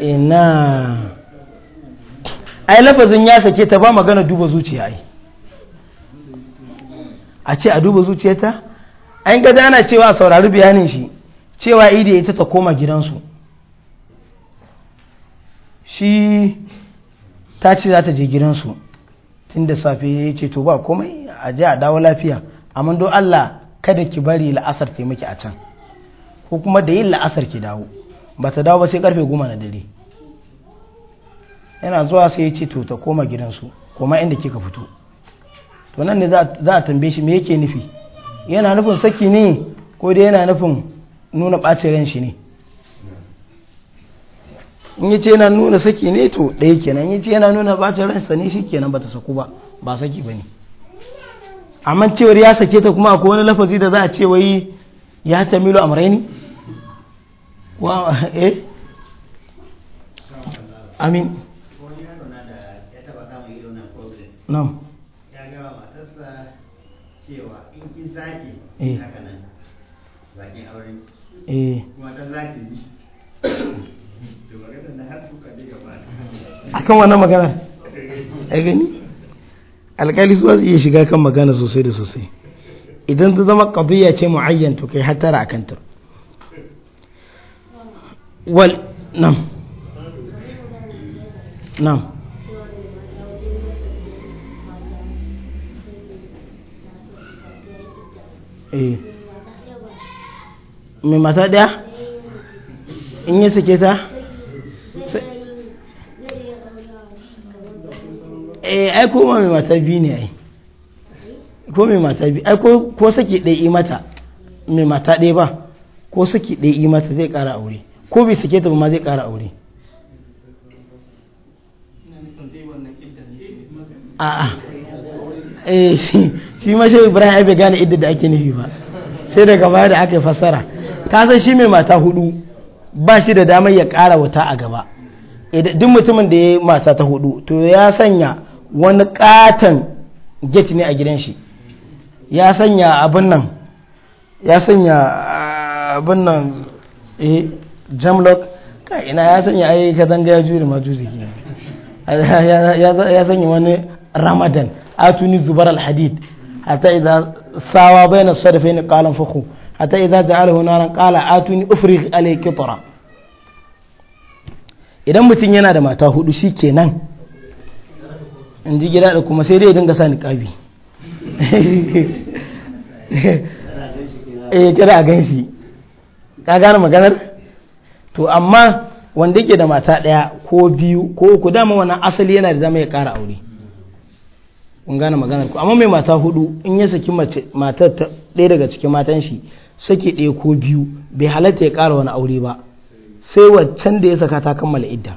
ina ai lafazin ya sake ta ba magana duba zuciya ai a ce a duba zuciyarta an ga dana cewa saurari bayanin shi cewa idi ita ta koma gidansu shi ta ce za ta je gidansu tun da safe ya ce to ba komai a je a dawo lafiya amma don Allah kada ki bari la'asar ta miki a can ko kuma da yin la'asar ki dawo ba ta dawo ba sai karfe goma na dare yana zuwa sai ya ce to ta koma gidansu koma inda kika fito to nan ne za a tambaye shi me yake nufi yana nufin saki ne ko dai yana nufin nuna ɓacin ran shi ne in yace yana nuna saki ne to ɗaya kenan yace yana nuna bacin ransa ne shikenan bata saku ba ba saki bane amma cewar ya sake ta kuma akwai wani lafazi da za a ce wai ya tamilu amraini wa eh amin nam ya eh. gaba matarsa cewa in kin zaki haka nan zaki aure eh kuma ta zaki akan wannan magana a gani alkali zai iya shiga kan magana sosai da sosai idan ta zama kabiya ce muayyan to kai hatara a kantar wal nan nan eh. mai mata daya in yi sake ta Eh, ai ko mai mata biyu ne ai ko ko saki ɗaya yi mata mai mata ɗaya ba ko saki ɗaya yi mata zai ƙara aure ko bai sake ta ba ma zai ƙara aure a'a eh shi ma ibrahim ai gane idda da ake nufi ba sai daga baya da aka yi fassara ka san shi mai mata hudu ba shi da damar ya ƙara wata a gaba duk mutumin da ya yi mata ta hudu to ya sanya wani katon get ne a gidan shi ya sanya abin nan ya sanya ah, abin nan eh jamlock ka ina ya sanya ai ka zanga ya jure ma juzi ya sanya wani ramadan atuni zubar alhadid hatta idan sawa bayan sarfain qalan fakhu hatta idan ja'alahu naran qala atuni ufrigh alayhi qitra idan mutum yana da mata hudu shikenan in ji gida da kuma sai dai dinga sa niƙabi eh kira a ganshi ka gane maganar to amma wanda yake da mata ɗaya ko biyu ko uku dama wannan asali yana da dama ya ƙara aure kun gane maganar ku amma mai mata hudu in ya saki matar ɗaya daga cikin matan shi saki ɗaya ko biyu bai halatta ya ƙara wani aure ba sai waccan da ya saka ta kammala idda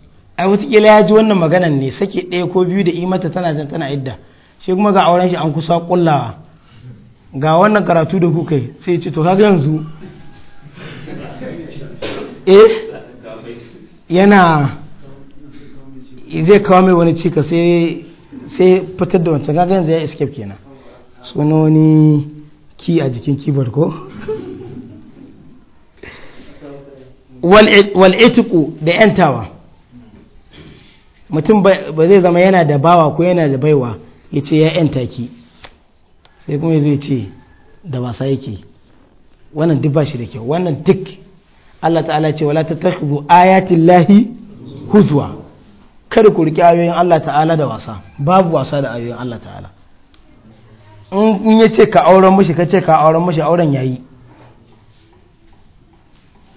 ai wataƙila ya ji wannan maganan ne sake ɗaya ko biyu da imata tana jan tana idda shi kuma ga auren shi an kusa kullawa ga wannan karatu da kuka yi sai ce to kaga yanzu eh yana zai kawo mai wani cika sai fitar da wancan kaga yanzu ya escape kenan wani ki a jikin kibar ko waletiku da 'yantawa mutum ba zai zama yana da bawa ko yana da baiwa ya ce ya yanta ki sai kuma zai ce da wasa yake wannan duk ba shi da kyau wannan duk Allah ta'ala ce wala ta takhdu ayatin lahi huzwa kada ku riƙe ayoyin Allah ta'ala da wasa babu wasa da ayoyin Allah ta'ala in ya ce ka auren mashi ka ce ka auren mashi auren yayi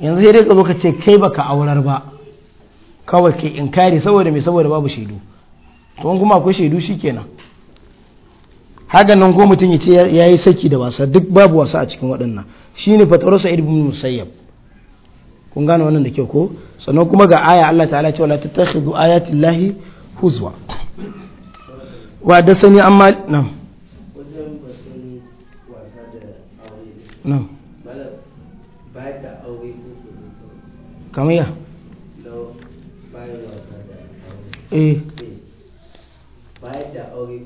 yanzu ya rika zo ka ce kai baka aurar ba kawai ke inkari saboda mai saboda babu shaidu to kuma akwai shaidu shikenan haka nan ko mutum ya ce ya yi saki da wasa duk babu wasa a cikin waɗannan shine fatawar sa ibn musayyab kun gane wannan da kyau ko sannan kuma ga aya Allah ta'ala ce wala tattakhidhu ayati llahi huzwa wa da sani amma nan nan Eh. aure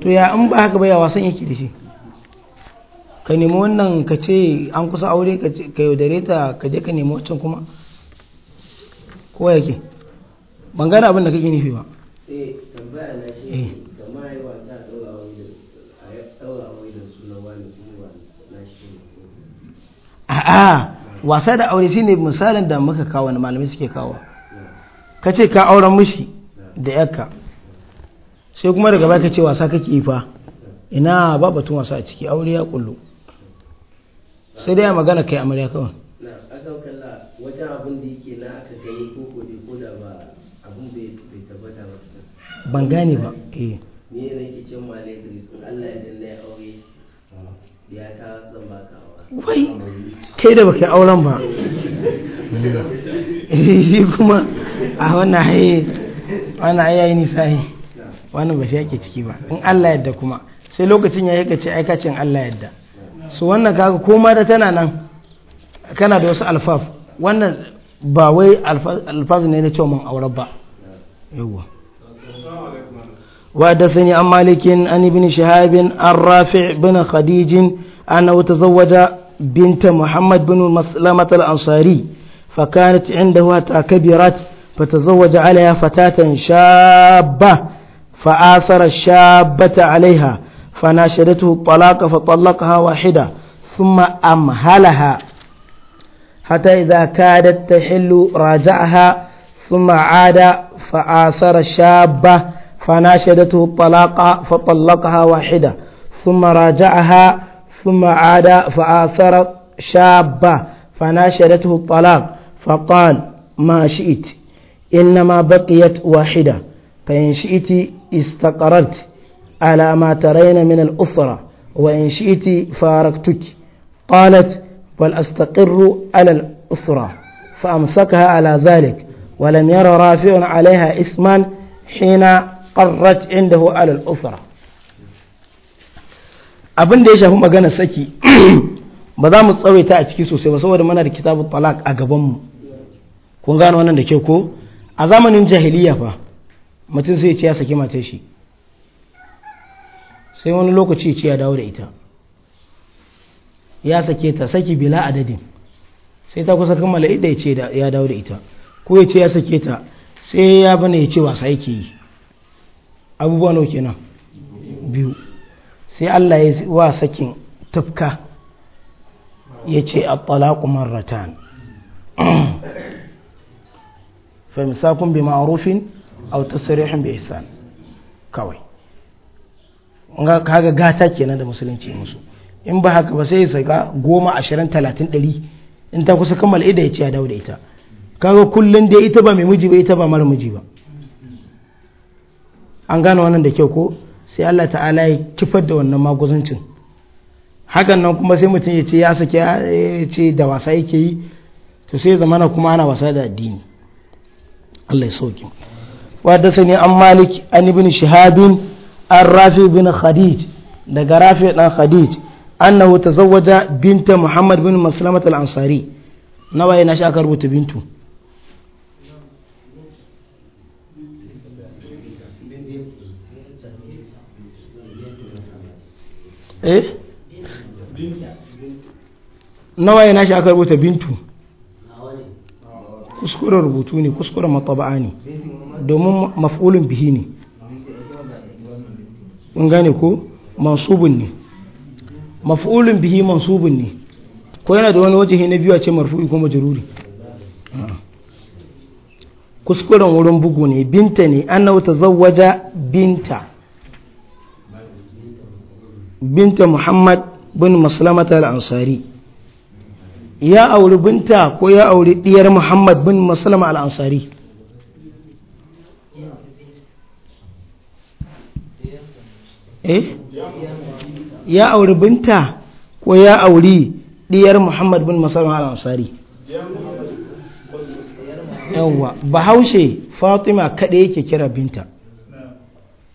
to ya in ba haka baya wasan yake da shi ka nemi wannan ka ce an kusa aure ka yaudare ta ka je ka nemi wancan kuma kowa yake ban gane abin da kake nufi ba eh tambaya na shi eh. ta daura aure da na shi a'a wasa da aure shine misalin da muka kawo na malamai suke kawo ka ce ka auren mishi da yakka sai kuma daga baka ce wasa kake ifa ina ba batun wasa a ciki aure ya kullu sai dai a magana kai amarya kawai wajen abin da yake na aka gaye ko ko bai ba abin bai tabbata ba ban gane ba eh ne na ke cin male da Allah ya danna ya aure ya ta zan baka wai kai da baka auren ba eh, shi kuma a wannan haye wannan haye ni sahi wannan ba shi yake ciki ba in Allah yadda kuma sai lokacin ya yi kace aikacin Allah yadda su wannan kaga koma da tana nan kana da wasu alfaf wannan ba wai alfaz ne na cewa mun aure ba yawa wa da sani an malikin an ibn shahabin an rafi bin khadijin an tazawwaja binta muhammad bin maslamat al-ansari fa kanat indahu ta kabirat فتزوج عليها فتاة شابة فآثر الشابة عليها فناشدته الطلاق فطلقها واحدة ثم أمهلها حتى إذا كادت تحل راجعها ثم عاد فآثر الشابة فناشدته الطلاق فطلقها واحدة ثم راجعها ثم عاد فآثر شابة فناشدته الطلاق فقال ما شئت إنما بقيت واحدة فإن شئت استقررت على ما ترين من الأخرى وإن شئت فارقتك قالت بل أستقر على الأخرى فأمسكها على ذلك ولم ير رافع عليها إثما حين قرت عنده على الأخرى abin da ya shafi magana saki ba za mu tsawaita a ciki sosai ba saboda mana da kitabun talak a gabanmu kun gano wannan da ke ko a zamanin jahiliya fa mutum sai ce ya saki matar shi sai wani lokaci ce ya dawo da ita ya sake ta saki bila adadin sai ta kusa kammala idda ya ce ya dawo da ita ko ya ce ya sake ta sai ya bane ya ce wasa yake yi abubuwa nawa kenan biyu sai Allah ya wa sakin tafka ya ce a talaku ratan. famsakun bi ma'arufin aw tasrihun bi kawai kaga gata kenan da musulunci musu in ba haka ba sai ya saka goma ashirin talatin ɗari in ta kusa kammala ida ya ce ya dawo da ita kaga kullum dai ita ba mai miji ba ita ba mara miji ba an gane wannan da kyau ko sai Allah ta'ala ya kifar da wannan maguzancin hakan nan kuma sai mutum ya ce ya ya ce da wasa yake yi to sai zamana kuma ana wasa da addini الله ya sauke وحدثني عن مالك عن ابن شهاب الرافع بن خديج دغ رافع بن خديج أنه تزوج بنت محمد بن مسلمة الأنصاري نوى إن شاكر بنته إيه نوى إن شاكر بنته kuskuren rubutu ne kuskuren mataba'a ne domin maf'ulun bihi ne kun gane ko mansubun ne maf'ulun bihi mansubun ne ko yana da wani waje na biyu a ce marfu'i ko jaruri? kuskuren wurin bugu ne binta ne annahu tazawwaja binta binta muhammad bin maslamata al-ansari ya auri binta ko ya auri diyar muhammad bin musulma al'ansari eh ya auri binta ko ya auri diyar muhammad bin musulma al'ansari yawwa bahaushe fatima kaɗai yake kira binta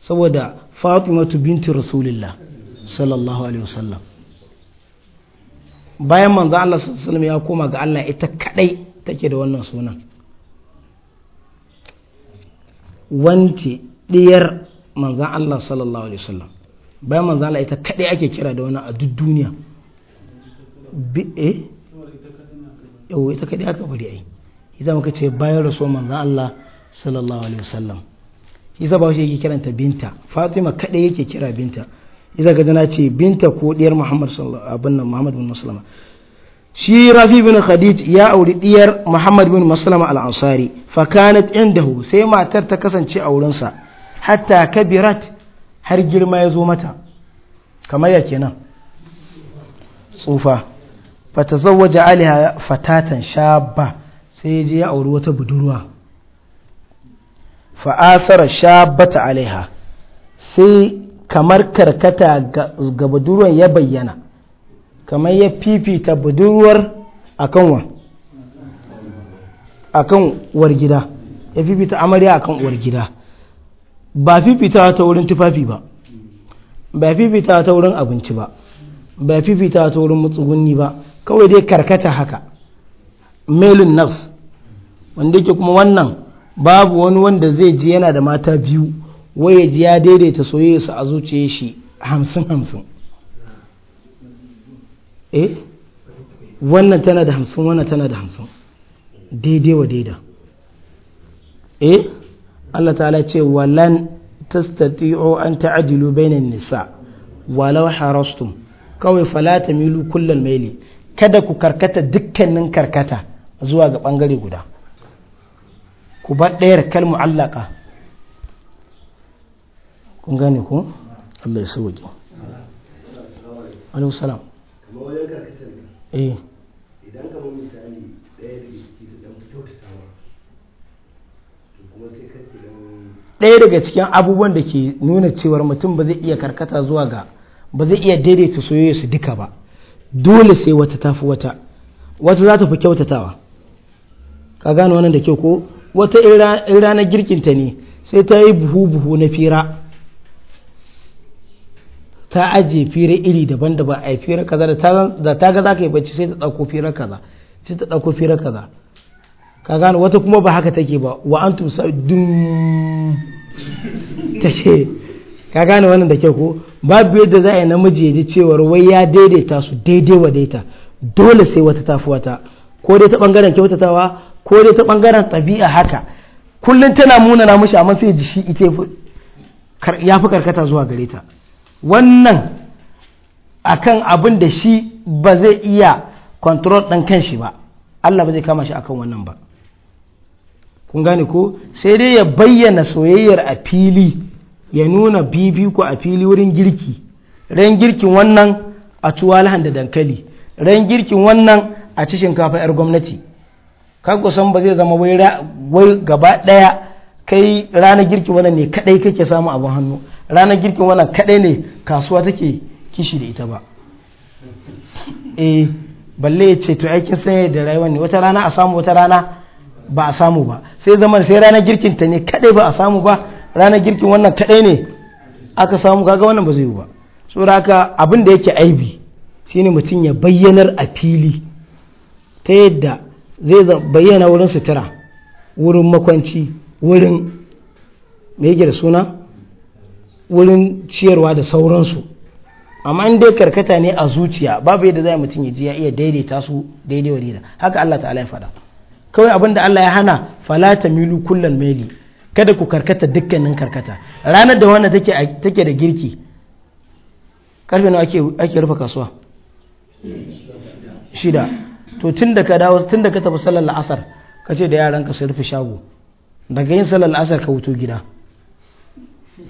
saboda fatima tu binti rasulillah sallallahu alaihi wasallam bayan manzo Allah sallallahu ya koma ga Allah ita kadai take da wannan sunan wanke diyar manzo Allah sallallahu alaihi wasallam bayan manzo Allah ita kadai ake kira da wannan a duk duniya bi eh yau ita kadai aka bari ai idan muka ce bayan rasul manzo Allah sallallahu alaihi wasallam isa ba shi yake kiranta binta fatima kadai yake kira binta idan ka ce binta ko diyar muhammad sallallahu abin nan muhammad bin maslama shi rafi bin khadij ya auri diyar muhammad bin maslama al-ansari fa kanat indahu sai matar ta kasance a sa hatta kabirat har girma ya zo mata kamar ya kenan tsufa fata waje aliha fatatan shabba sai ya je ya auri wata budurwa fa'asara shabbata alaiha sai kamar karkata ga budurwar ya bayyana kamar ya fifita budurwar akan wa akan uwar gida ya fifita amarya akan uwar gida ba fifita ta wurin tufafi ba ba fifita ta wurin abinci ba ba fifita ta wurin matsugunni ba kawai dai karkata haka melin nafs wanda yake kuma wannan babu wani wanda zai ji yana da mata biyu wai ya ji ya daidaita soyayyarsa a zuciya shi hamsin hamsin eh wannan tana da hamsin wannan tana da hamsin daidai wa daida eh Allah ta'ala ce walan tastati'u an ta'dilu bainan nisa walau harastum kawai fala tamilu kullal maili kada ku karkata dukkanin karkata zuwa ga bangare guda ku bar ɗayar kalmu allaka kun gane ku. Allah ya sauke alaihi salam kamar wajen karkatar eh idan kamar misali ɗaya daga ciki ta dan kyautatawa to kuma sai karki dan ɗaya daga cikin abubuwan da ke nuna cewar mutum ba zai iya karkata zuwa ga ba zai iya daidaita soyayya su duka ba dole sai wata tafi wata wata za ta fi kyautatawa ka gane wannan da kyau ko wata in ranar girkinta ne sai ta yi buhu-buhu na fira ta ajiye fira iri daban-daban a fira kaza da ta ga za ka yi bacci sai ta ɗauko fira kaza sai ta ɗauko fira kaza ka gano wata kuma ba haka take ba wa an tumsa ta take ka gano wannan da kyau ko babu yadda za a yi namiji ya ji cewar wai ya daidaita su daidai wa daita dole sai wata tafi wata ko dai ta bangaren kyautatawa ko dai ta bangaren ɗabi'a haka kullum tana munana mishi amma sai ji shi ita ya fi karkata zuwa gare ta wannan a kan abin da shi ba zai iya kontrol ɗan shi ba Allah ba zai kama shi akan wannan ba kun gane ko sai dai ya bayyana soyayyar a fili ya nuna bibiko a fili wurin girki ran girkin wannan a tuwalahan da dankali ran girkin wannan a ci shinkafa 'yar gwamnati kaku san ba zai zama wai gaba ɗaya kai ranar girki wannan ne kaɗai kake samu abin hannu ranar girkin wannan kaɗai ne kasuwa take kishi da ita ba eh balle ya ce to aikin sanya da rayuwa ne wata rana a samu wata rana ba a samu ba sai zaman sai ranar girkin ta ne kaɗai ba a samu ba ranar girkin wannan kaɗai ne aka samu kaga wannan ba zai yi ba da haka abin da yake aibi shine mutum ya bayyanar a fili ta yadda zai bayyana wurin sutura wurin makwanci wurin me yake suna wurin ciyarwa da sauransu amma inda ya karkata ne a zuciya babu yadda zai mutum ya ji ya iya daidaita su daidai wa rida haka Allah ta'ala ya faɗa kawai abin da Allah ya hana fala milu kullal maili kada ku karkata dukkanin karkata ranar da wannan take take da girki karfe nawa ake ake rufe kasuwa shida to tun da ka dawo tun ka tafi sallar la'asar ka ce da yaranka su rufe shago daga yin sallar la'asar ka wuto gida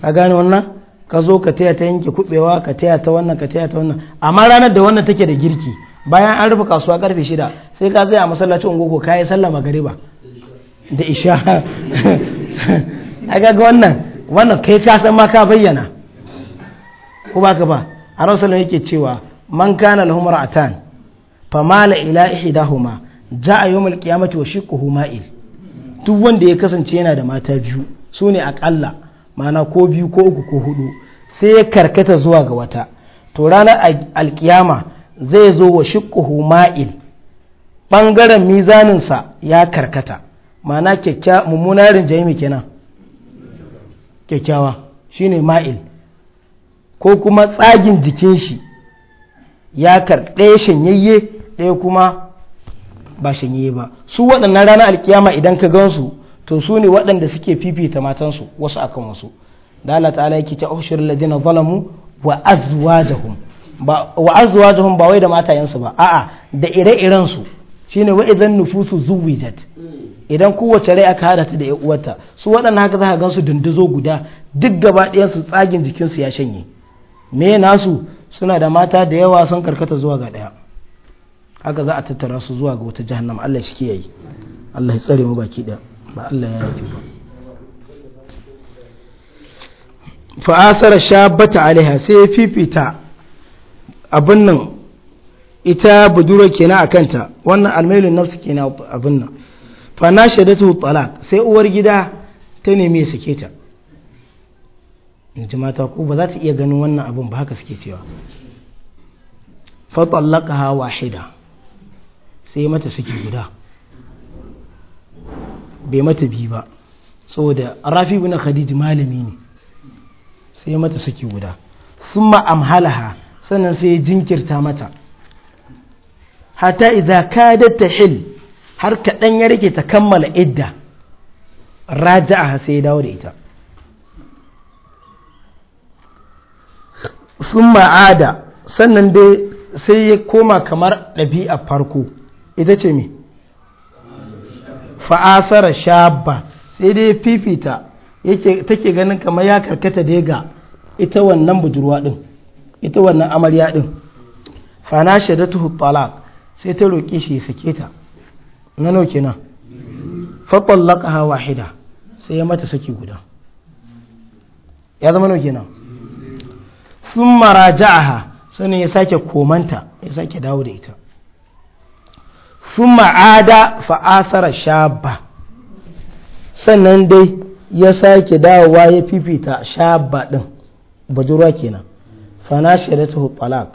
ka gane wannan ka zo ka taya ta yanke kubewa ka taya ta wannan ka taya ta wannan amma ranar da wannan take da girki bayan an rufe kasuwa karfe shida sai ka zai a masallacin ungogo ka yi sallah magariba da isha a ga wannan wannan kai ka san ma ka bayyana ko ba ka ba a rasulun yake cewa man kana atan ra'atan famala ila ihdahuma ja'a yawmal qiyamati wa huma il duk wanda ya kasance yana da mata biyu su sune akalla ma'ana ko biyu ko uku ko hudu sai ya karkata zuwa ga wata to ranar alkiyama zai zo wa shiqquhu ma'il ɓangaren mizaninsa ya karkata ma'ana kyakkyawa mummuna yarin mai kenan kyakkyawa shine ma'il ko kuma tsagin jikin shi ya karɗaya shanyayye ɗaya kuma ba shanyayye ba su waɗannan ranar alkiyama idan ka gansu to su ne waɗanda suke fifita matansu wasu akan wasu da Allah ta'ala yake ta ushir ladina zalamu wa azwajahum ba wa azwajahum ba wai da matayensu ba a'a da ire-iren su shine wa idan nufusu zuwijat idan kowace rai aka hada ta da uwarta su waɗanda haka za gan gansu dunduzo guda duk gaba ɗayan su tsagin su ya shanye me nasu suna da mata da yawa sun karkata zuwa ga ɗaya haka za a tattara su zuwa ga wata jahannama Allah shi ke yi Allah ya tsare mu baki ɗaya ba Allah ya yi ba fa'asar shabata alaiha sai ya fifita abin nan ita budura kenan a kanta wannan almailun nafsu kenan abin nan fa na shaidatu talaq sai uwar gida ta nemi ya sake ta mata ko ba za ta iya ganin wannan abin ba haka suke cewa fa tallaqaha wahida sai mata suke guda bai mata bi ba saboda rafi bin khadij malami ne sai mata saki guda summa amhalaha sannan sai jinkirta mata hatta idza kadat tahil har kaɗan ya rike ta kammala idda raja'a sai ya dawo da ita sun ada sannan dai sai ya koma kamar ɗabi'a farko ita ce me fa'asara shabba sai dai fifita yake take ganin kamar ya karkata dai ga ita wannan budurwa din ita wannan amarya din fa na shadatuhu talaq sai ta roƙi shi ya sake ta na nau kenan fa tallaqaha wahida sai ya mata saki guda ya zama nau kenan thumma raja'aha sannan ya sake komanta ya sake dawo da ita sun ma'ada fa'asara shabba sannan dai ya sake dawowa ya fifita shabba ɗin bajirwa kenan fana shirya ta talak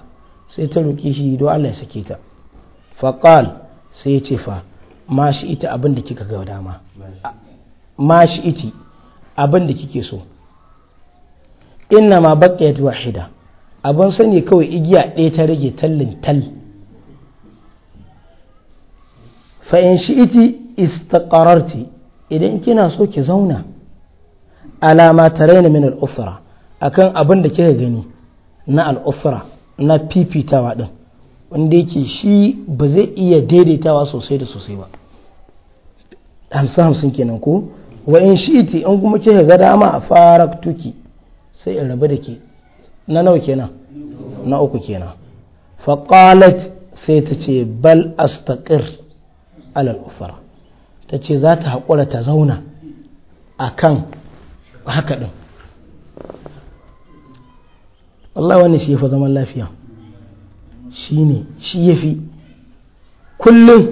sai ta roƙi shi don Allah ya sake ta faƙal sai ya ce fa ma shi ita abin da kika ga dama ma shi iti abin da kike so inna ma baƙiyat wahida abin sani kawai igiya ɗaya ta rage tallin tal fa’in shi iti istakararti idan kina so ki zauna alama raina min al’ufura a kan abin da kika gani na al’ufura na fifitawa ɗin wanda yake shi ba zai iya daidaitawa sosai da sosai ba hamsin hamsin kenan ko wa’in in iti in kuma kika ga dama a tuki. sai in rabu da ke na nawa kenan na uku kenan faƙalat sai ta ce bal astaqir alal ufara ta ce za ta haƙura ta zauna a kan haka ɗin Allah wani shi ya zaman lafiya shi ne shi ya kullum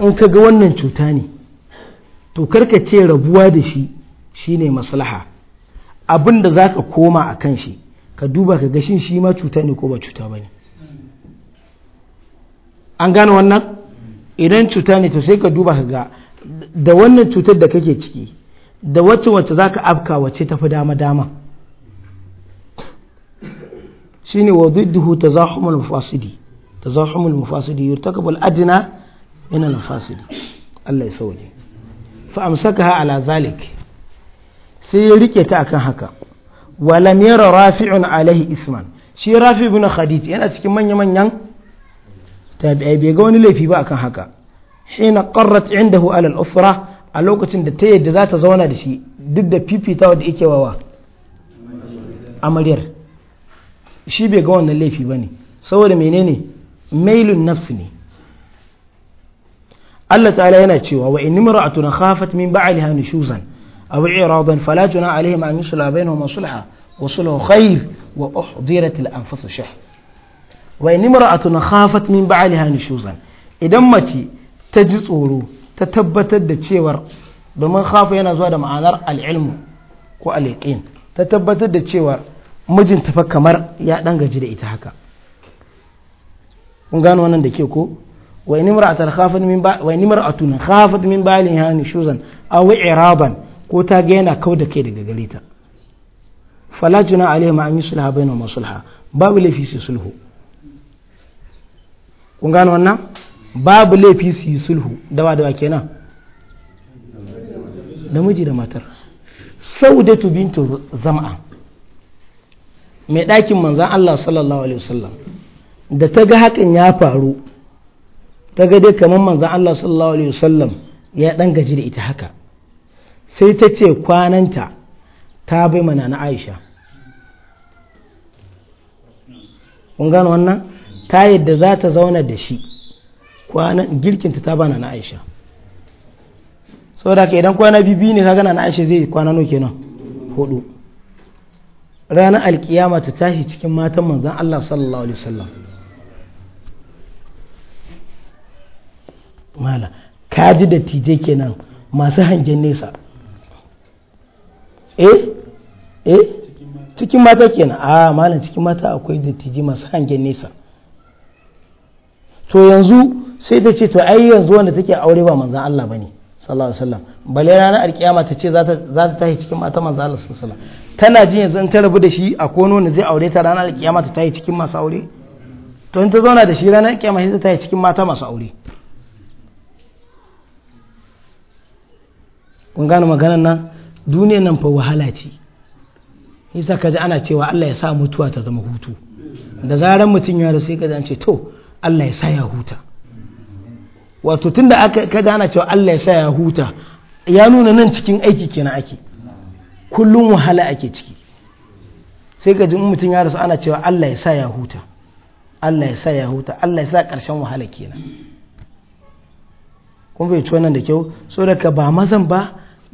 in ka ga wannan cuta ne to karka ce rabuwa da shi shi ne maslaha abin da za ka koma a kan shi ka duba ka gashin shi ma cuta ne ko ba cuta ba ne an gane wannan? idan cuta ne to sai ka duba ka ga da wannan cutar da kake ciki da wacce wacce za ka afka wacce tafi dama dama shine wa zidduhu tazahumul mufasidi ta tazahumul mufasidi yurtakabul adna min al mufasidi Allah ya sauke fa ha ala zalik sai ya rike ta akan haka wa lam yara rafi'un alaihi isman shi rafi ibn khadija yana cikin manya manyan tabi'ai bai ga wani laifi ba akan haka hina qarrat indahu ala al ufra a lokacin da ta yadda za ta zauna da shi duk da fifitawa da yake wawa amaryar shi bai ga wannan laifi bane saboda menene mailun nafsi ne Allah ta'ala yana cewa wa in imra'atun khafat min ba'liha nushuzan aw i'radan fala juna alaihim an yusla bainahuma sulha wa sulhu khair wa uhdirat al-anfus shah wa in na khafat min ba'liha nushuzan idan mace ta ji tsoro ta tabbatar da cewar domin khafa yana zuwa da ma'anar al'ilmu ko al'yaqin ta tabbatar da cewar mijin tafa kamar ya ɗan gaji da ita haka kun gano wannan da ke ko wa a tunan khafat min ba wa in imra'atun khafat min i'raban ko ta ga yana kau da kai daga gare ta falajuna alaihi ma an na masulha babu laifi sai sulhu kun gano wannan babu laifi su yi sulhu dawa dawa kenan namiji da matar saudatu bintu zama mai ɗakin manzan Allah sallallahu alaihi wasallam da ta ga hakan ya faru ta ga dai kamar manzan Allah sallallahu alaihi wasallam ya ɗan gaji da ita haka sai ta ce kwananta ta bai mana na Aisha kun gano wannan ta yadda za ta zauna da shi kwanan girkinta ta bana na aisha saboda ka idan kwana bibi ne ka gana na aisha zai kwana no nan. hudu ranar alkiyama ta tashi cikin matan manzan Allah sallallahu alaihi wasallam mala ji da tije kenan masu hangen nesa eh eh cikin mata kenan a ah, malam cikin mata akwai da tije masu hangen nesa to yanzu sai ta ce to ai yanzu wanda take aure ba manzan Allah bane sallallahu alaihi wasallam bale ranar alkiyama ta ce za ta tashi cikin mata manzan Allah sallallahu alaihi wasallam tana jin yanzu in ta rabu da shi a kono ne zai aure ta ranar alkiyama ta tashi cikin masu aure to in ta zauna da shi ranar alkiyama sai ta tashi cikin mata masu aure kun gane maganar nan duniyar nan fa wahala ce yasa kaji ana cewa Allah ya sa mutuwa ta zama hutu da zaran mutum ya rasu sai kaji an ce to Allah ya sa ya huta wato tunda aka kaga ana cewa Allah ya sa ya huta ya nuna nan cikin aiki kenan ake kullum wahala ake ciki sai ka ji mutum ya rasu ana cewa Allah ya sa ya huta Allah ya sa ya huta Allah ya sa ƙarshen wahala kenan kun bai ci wannan da kyau so daga ba mazan ba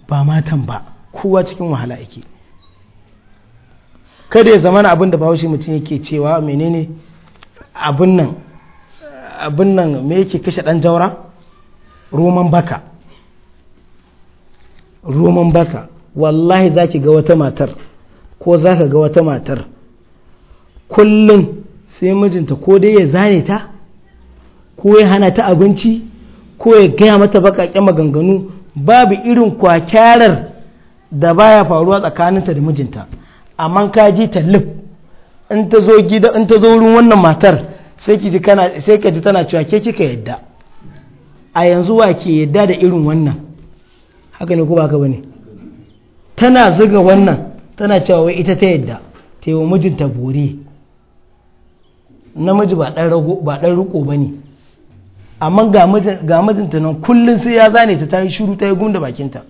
ba matan ba kowa cikin wahala ake kada ya zama abin da bahaushe mutum yake cewa menene abin nan abin nan me yake kashe dan jaura roman baka roman baka wallahi za ki ga wata matar ko za ka ga wata matar kullum sai mijinta ko dai ya zane ta ko ya hana ta abinci ko ya gaya mata baƙaƙen maganganu babu irin kwakyarar da baya faruwa tsakaninta da mijinta amma ka ji ta lif in ta zo gida in ta zo wurin wannan matar sai ki ka ji tana cewa ke kika yadda a yanzu wa ke yadda da irin wannan haka ne ko ba ka bane tana zuga wannan tana cewa wai ita ta yadda ta yi wa mijinta bore namiji ba ɗan riko ba ne amma ga mijinta nan kullum sai ya zane ta ta yi shuru ta yi gunda bakinta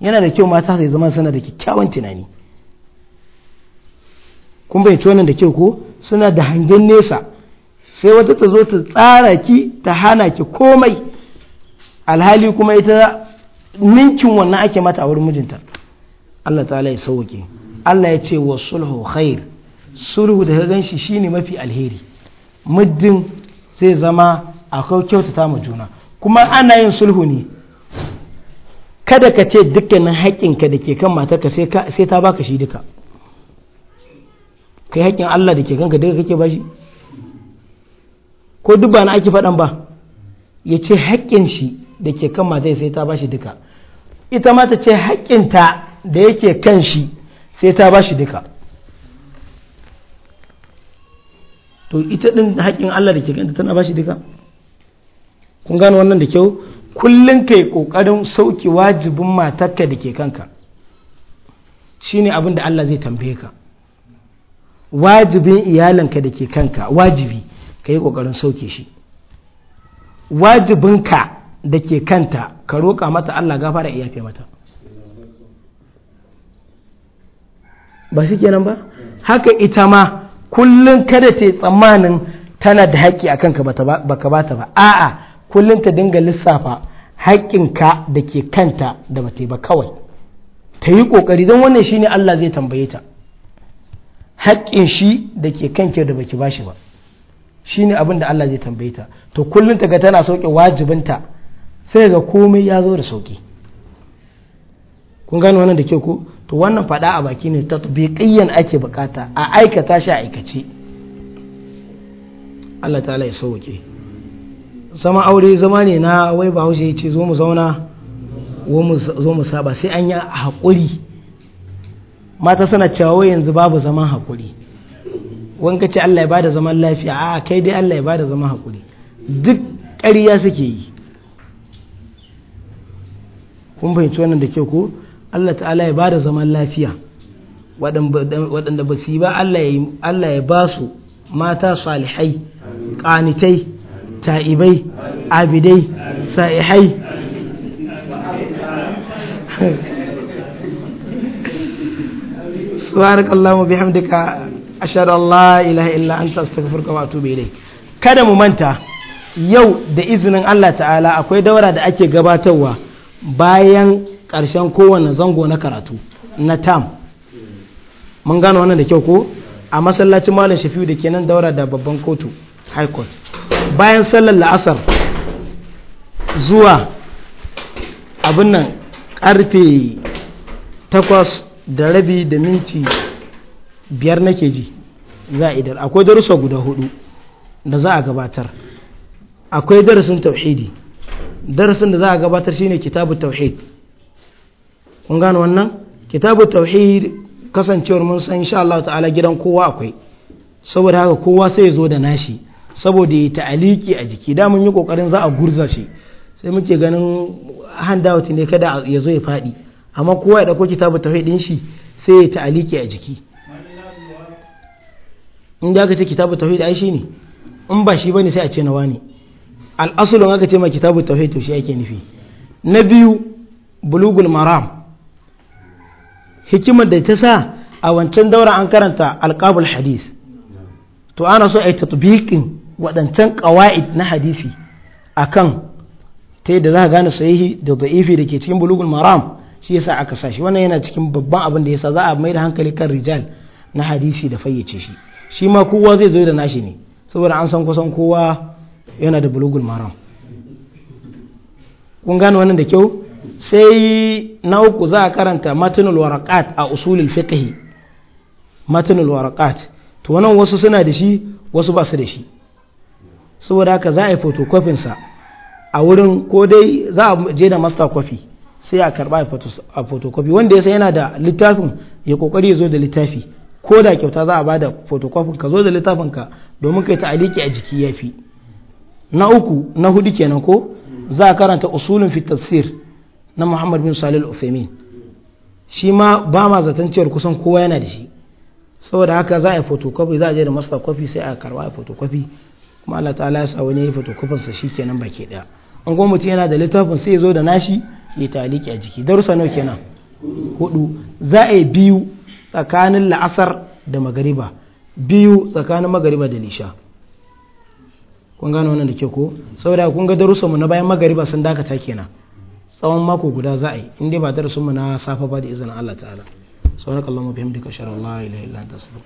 yana da kyau mata sai zama sana da kyakkyawan tunani kun bai wannan da kyau ko suna da hangen nesa sai wata ta zo ta tsara ki ta hana ki komai alhali kuma ita ninkin wannan ake mata a wurin mijinta Allah ta'ala ya sauke Allah ya ce wa sulhu khair sulhu da gan shi shine mafi alheri muddin zai zama akwai kyautata ma juna kuma ana yin sulhu ne kada ka ce dukkanin haƙƙinka da ke kan matarka sai ta baka shi duka kai haƙƙin Allah da ke kanka duka kake bashi ko duk ba na ake faɗan ba ya ce haƙƙin shi da ke kan mata sai ta bashi duka ita mata ce ce haƙƙinta da yake kan shi sai ta bashi duka to ita ɗin haƙƙin Allah da ke kanta tana bashi duka kun gano wannan da kyau kullum kai ƙoƙarin sauki wajibin matarka da ke kanka shine abin da Allah zai tambaye ka wajibin iyalanka da ke kanka wajibi ka yi ƙoƙarin sauke shi wajibinka da ke kanta ka roƙa mata Allah gafara iya fiye mata ba shi kenan ba haka ita ma kullum kada ta tsammanin tana da haƙƙi a kanka ba ka bata ba a'a kullum ta dinga lissafa haƙƙinka da ke kanta da ba ta yi ba kawai ta yi ƙoƙari don wannan shi ne Allah zai tambaye ta haƙƙin shi da ke kanke da baki shi ba shine abin da Allah zai tambaye ta to kullum ta ga tana sauke wajibinta sai ga komai ya zo da sauki kun gane wannan da ke ko to wannan fada a baki ne ta tatbiqiyyan ake bukata a aikata shi a aikace Allah ta'ala ya sauke zama aure zama ne na wai bahaushe ya ce zo mu zauna zo mu saba sai an yi haƙuri mata suna cewa yanzu babu zaman haƙuri wanka ce Allah ya bada zaman lafiya a kai dai Allah ya bada zaman haƙuri. duk ƙarya suke yi kun fahimci wannan da ke ko Allah ta'ala ya bada zaman lafiya waɗanda ba su yi ba Allah ya ba su mata salihai ƙanitai ta'ibai abidai sa'ihai سبحانك اللهم وبحمدك ashhadu an la ilaha illa anta astaghfiruka wa atubu ilayk kada mu manta yau da izinin Allah ta'ala akwai daura da ake gabatarwa bayan ƙarshen kowane zango na karatu na tam mun gano wannan da kyau ko a masallacin malam shafi'u da kenan daura da babban kotu high court bayan sallar la'asar zuwa abin nan karfe takwas da rabi da minti biyar nake ji za a idar akwai darussa guda hudu da za a gabatar akwai darasin tauhidi darasin da za a gabatar shine kitabu tauhid kun gano wannan kitabu tauhid kasancewar mun san insha Allah ta'ala gidan kowa akwai saboda haka kowa sai ya zo da nashi saboda ya ta'aliki a jiki da mun yi kokarin za a gurza shi sai muke ganin handout ne kada ya zo ya fadi amma kowa ya ɗauko kitabu tauhid din shi sai ya ta'aliki a jiki in aka ce kitabu tauhid ai shi ne in ba shi bane sai a ce ne al al'asulun aka ce ma kitabu tauhid to shi ake nufi na biyu bulugul maram hikimar da ta sa a wancan daura an karanta alqabul hadith to ana so ai tatbiqin waɗancan qawaid na hadisi akan ta yadda za ka gane sahihi da da'ifi da ke cikin bulugul maram shi yasa aka sa wannan yana cikin babban abin da yasa za a mai da hankali kan rijal na hadisi da fayyace shi shi ma kowa zai zo da nashi ne saboda an san kusan kowa yana da bulugul maram kun gane wannan da kyau sai na uku za a karanta matinul warakat a usulul fiqh matinul warakat to wannan wasu suna da shi wasu ba su da shi saboda haka za a yi photocopy sa a wurin ko dai za a je da masta copy sai a karba a photocopy wanda ya san yana da littafin ya kokari ya zo da littafi ko da kyauta za a bada photocopy ka zo da littafin ka domin kai ta'aliki a jiki yafi na uku na hudu kenan ko za a karanta usulun fi tafsir na Muhammad bin Salih al-Uthaymeen shi ma ba ma zaton cewar kusan kowa yana da shi saboda haka za a yi photocopy za a je da master copy sai a karba a photocopy kuma Allah ta'ala ya sa wani ya yi photocopy sa shikenan baki daya an goma mutum yana da littafin sai ya zo da nashi ya taliki a jiki darussa nawa kenan hudu za a yi biyu tsakanin la'asar da magariba biyu tsakanin magariba da lisha kun gano wannan da ke ko saboda kun ga darussanmu na bayan magariba sun dakata kenan tsawon mako guda za a yi inda ba mu na safa ba da izinin Allah ta'ala sauran kallon mafi hamdika sharar Allah ilaha illa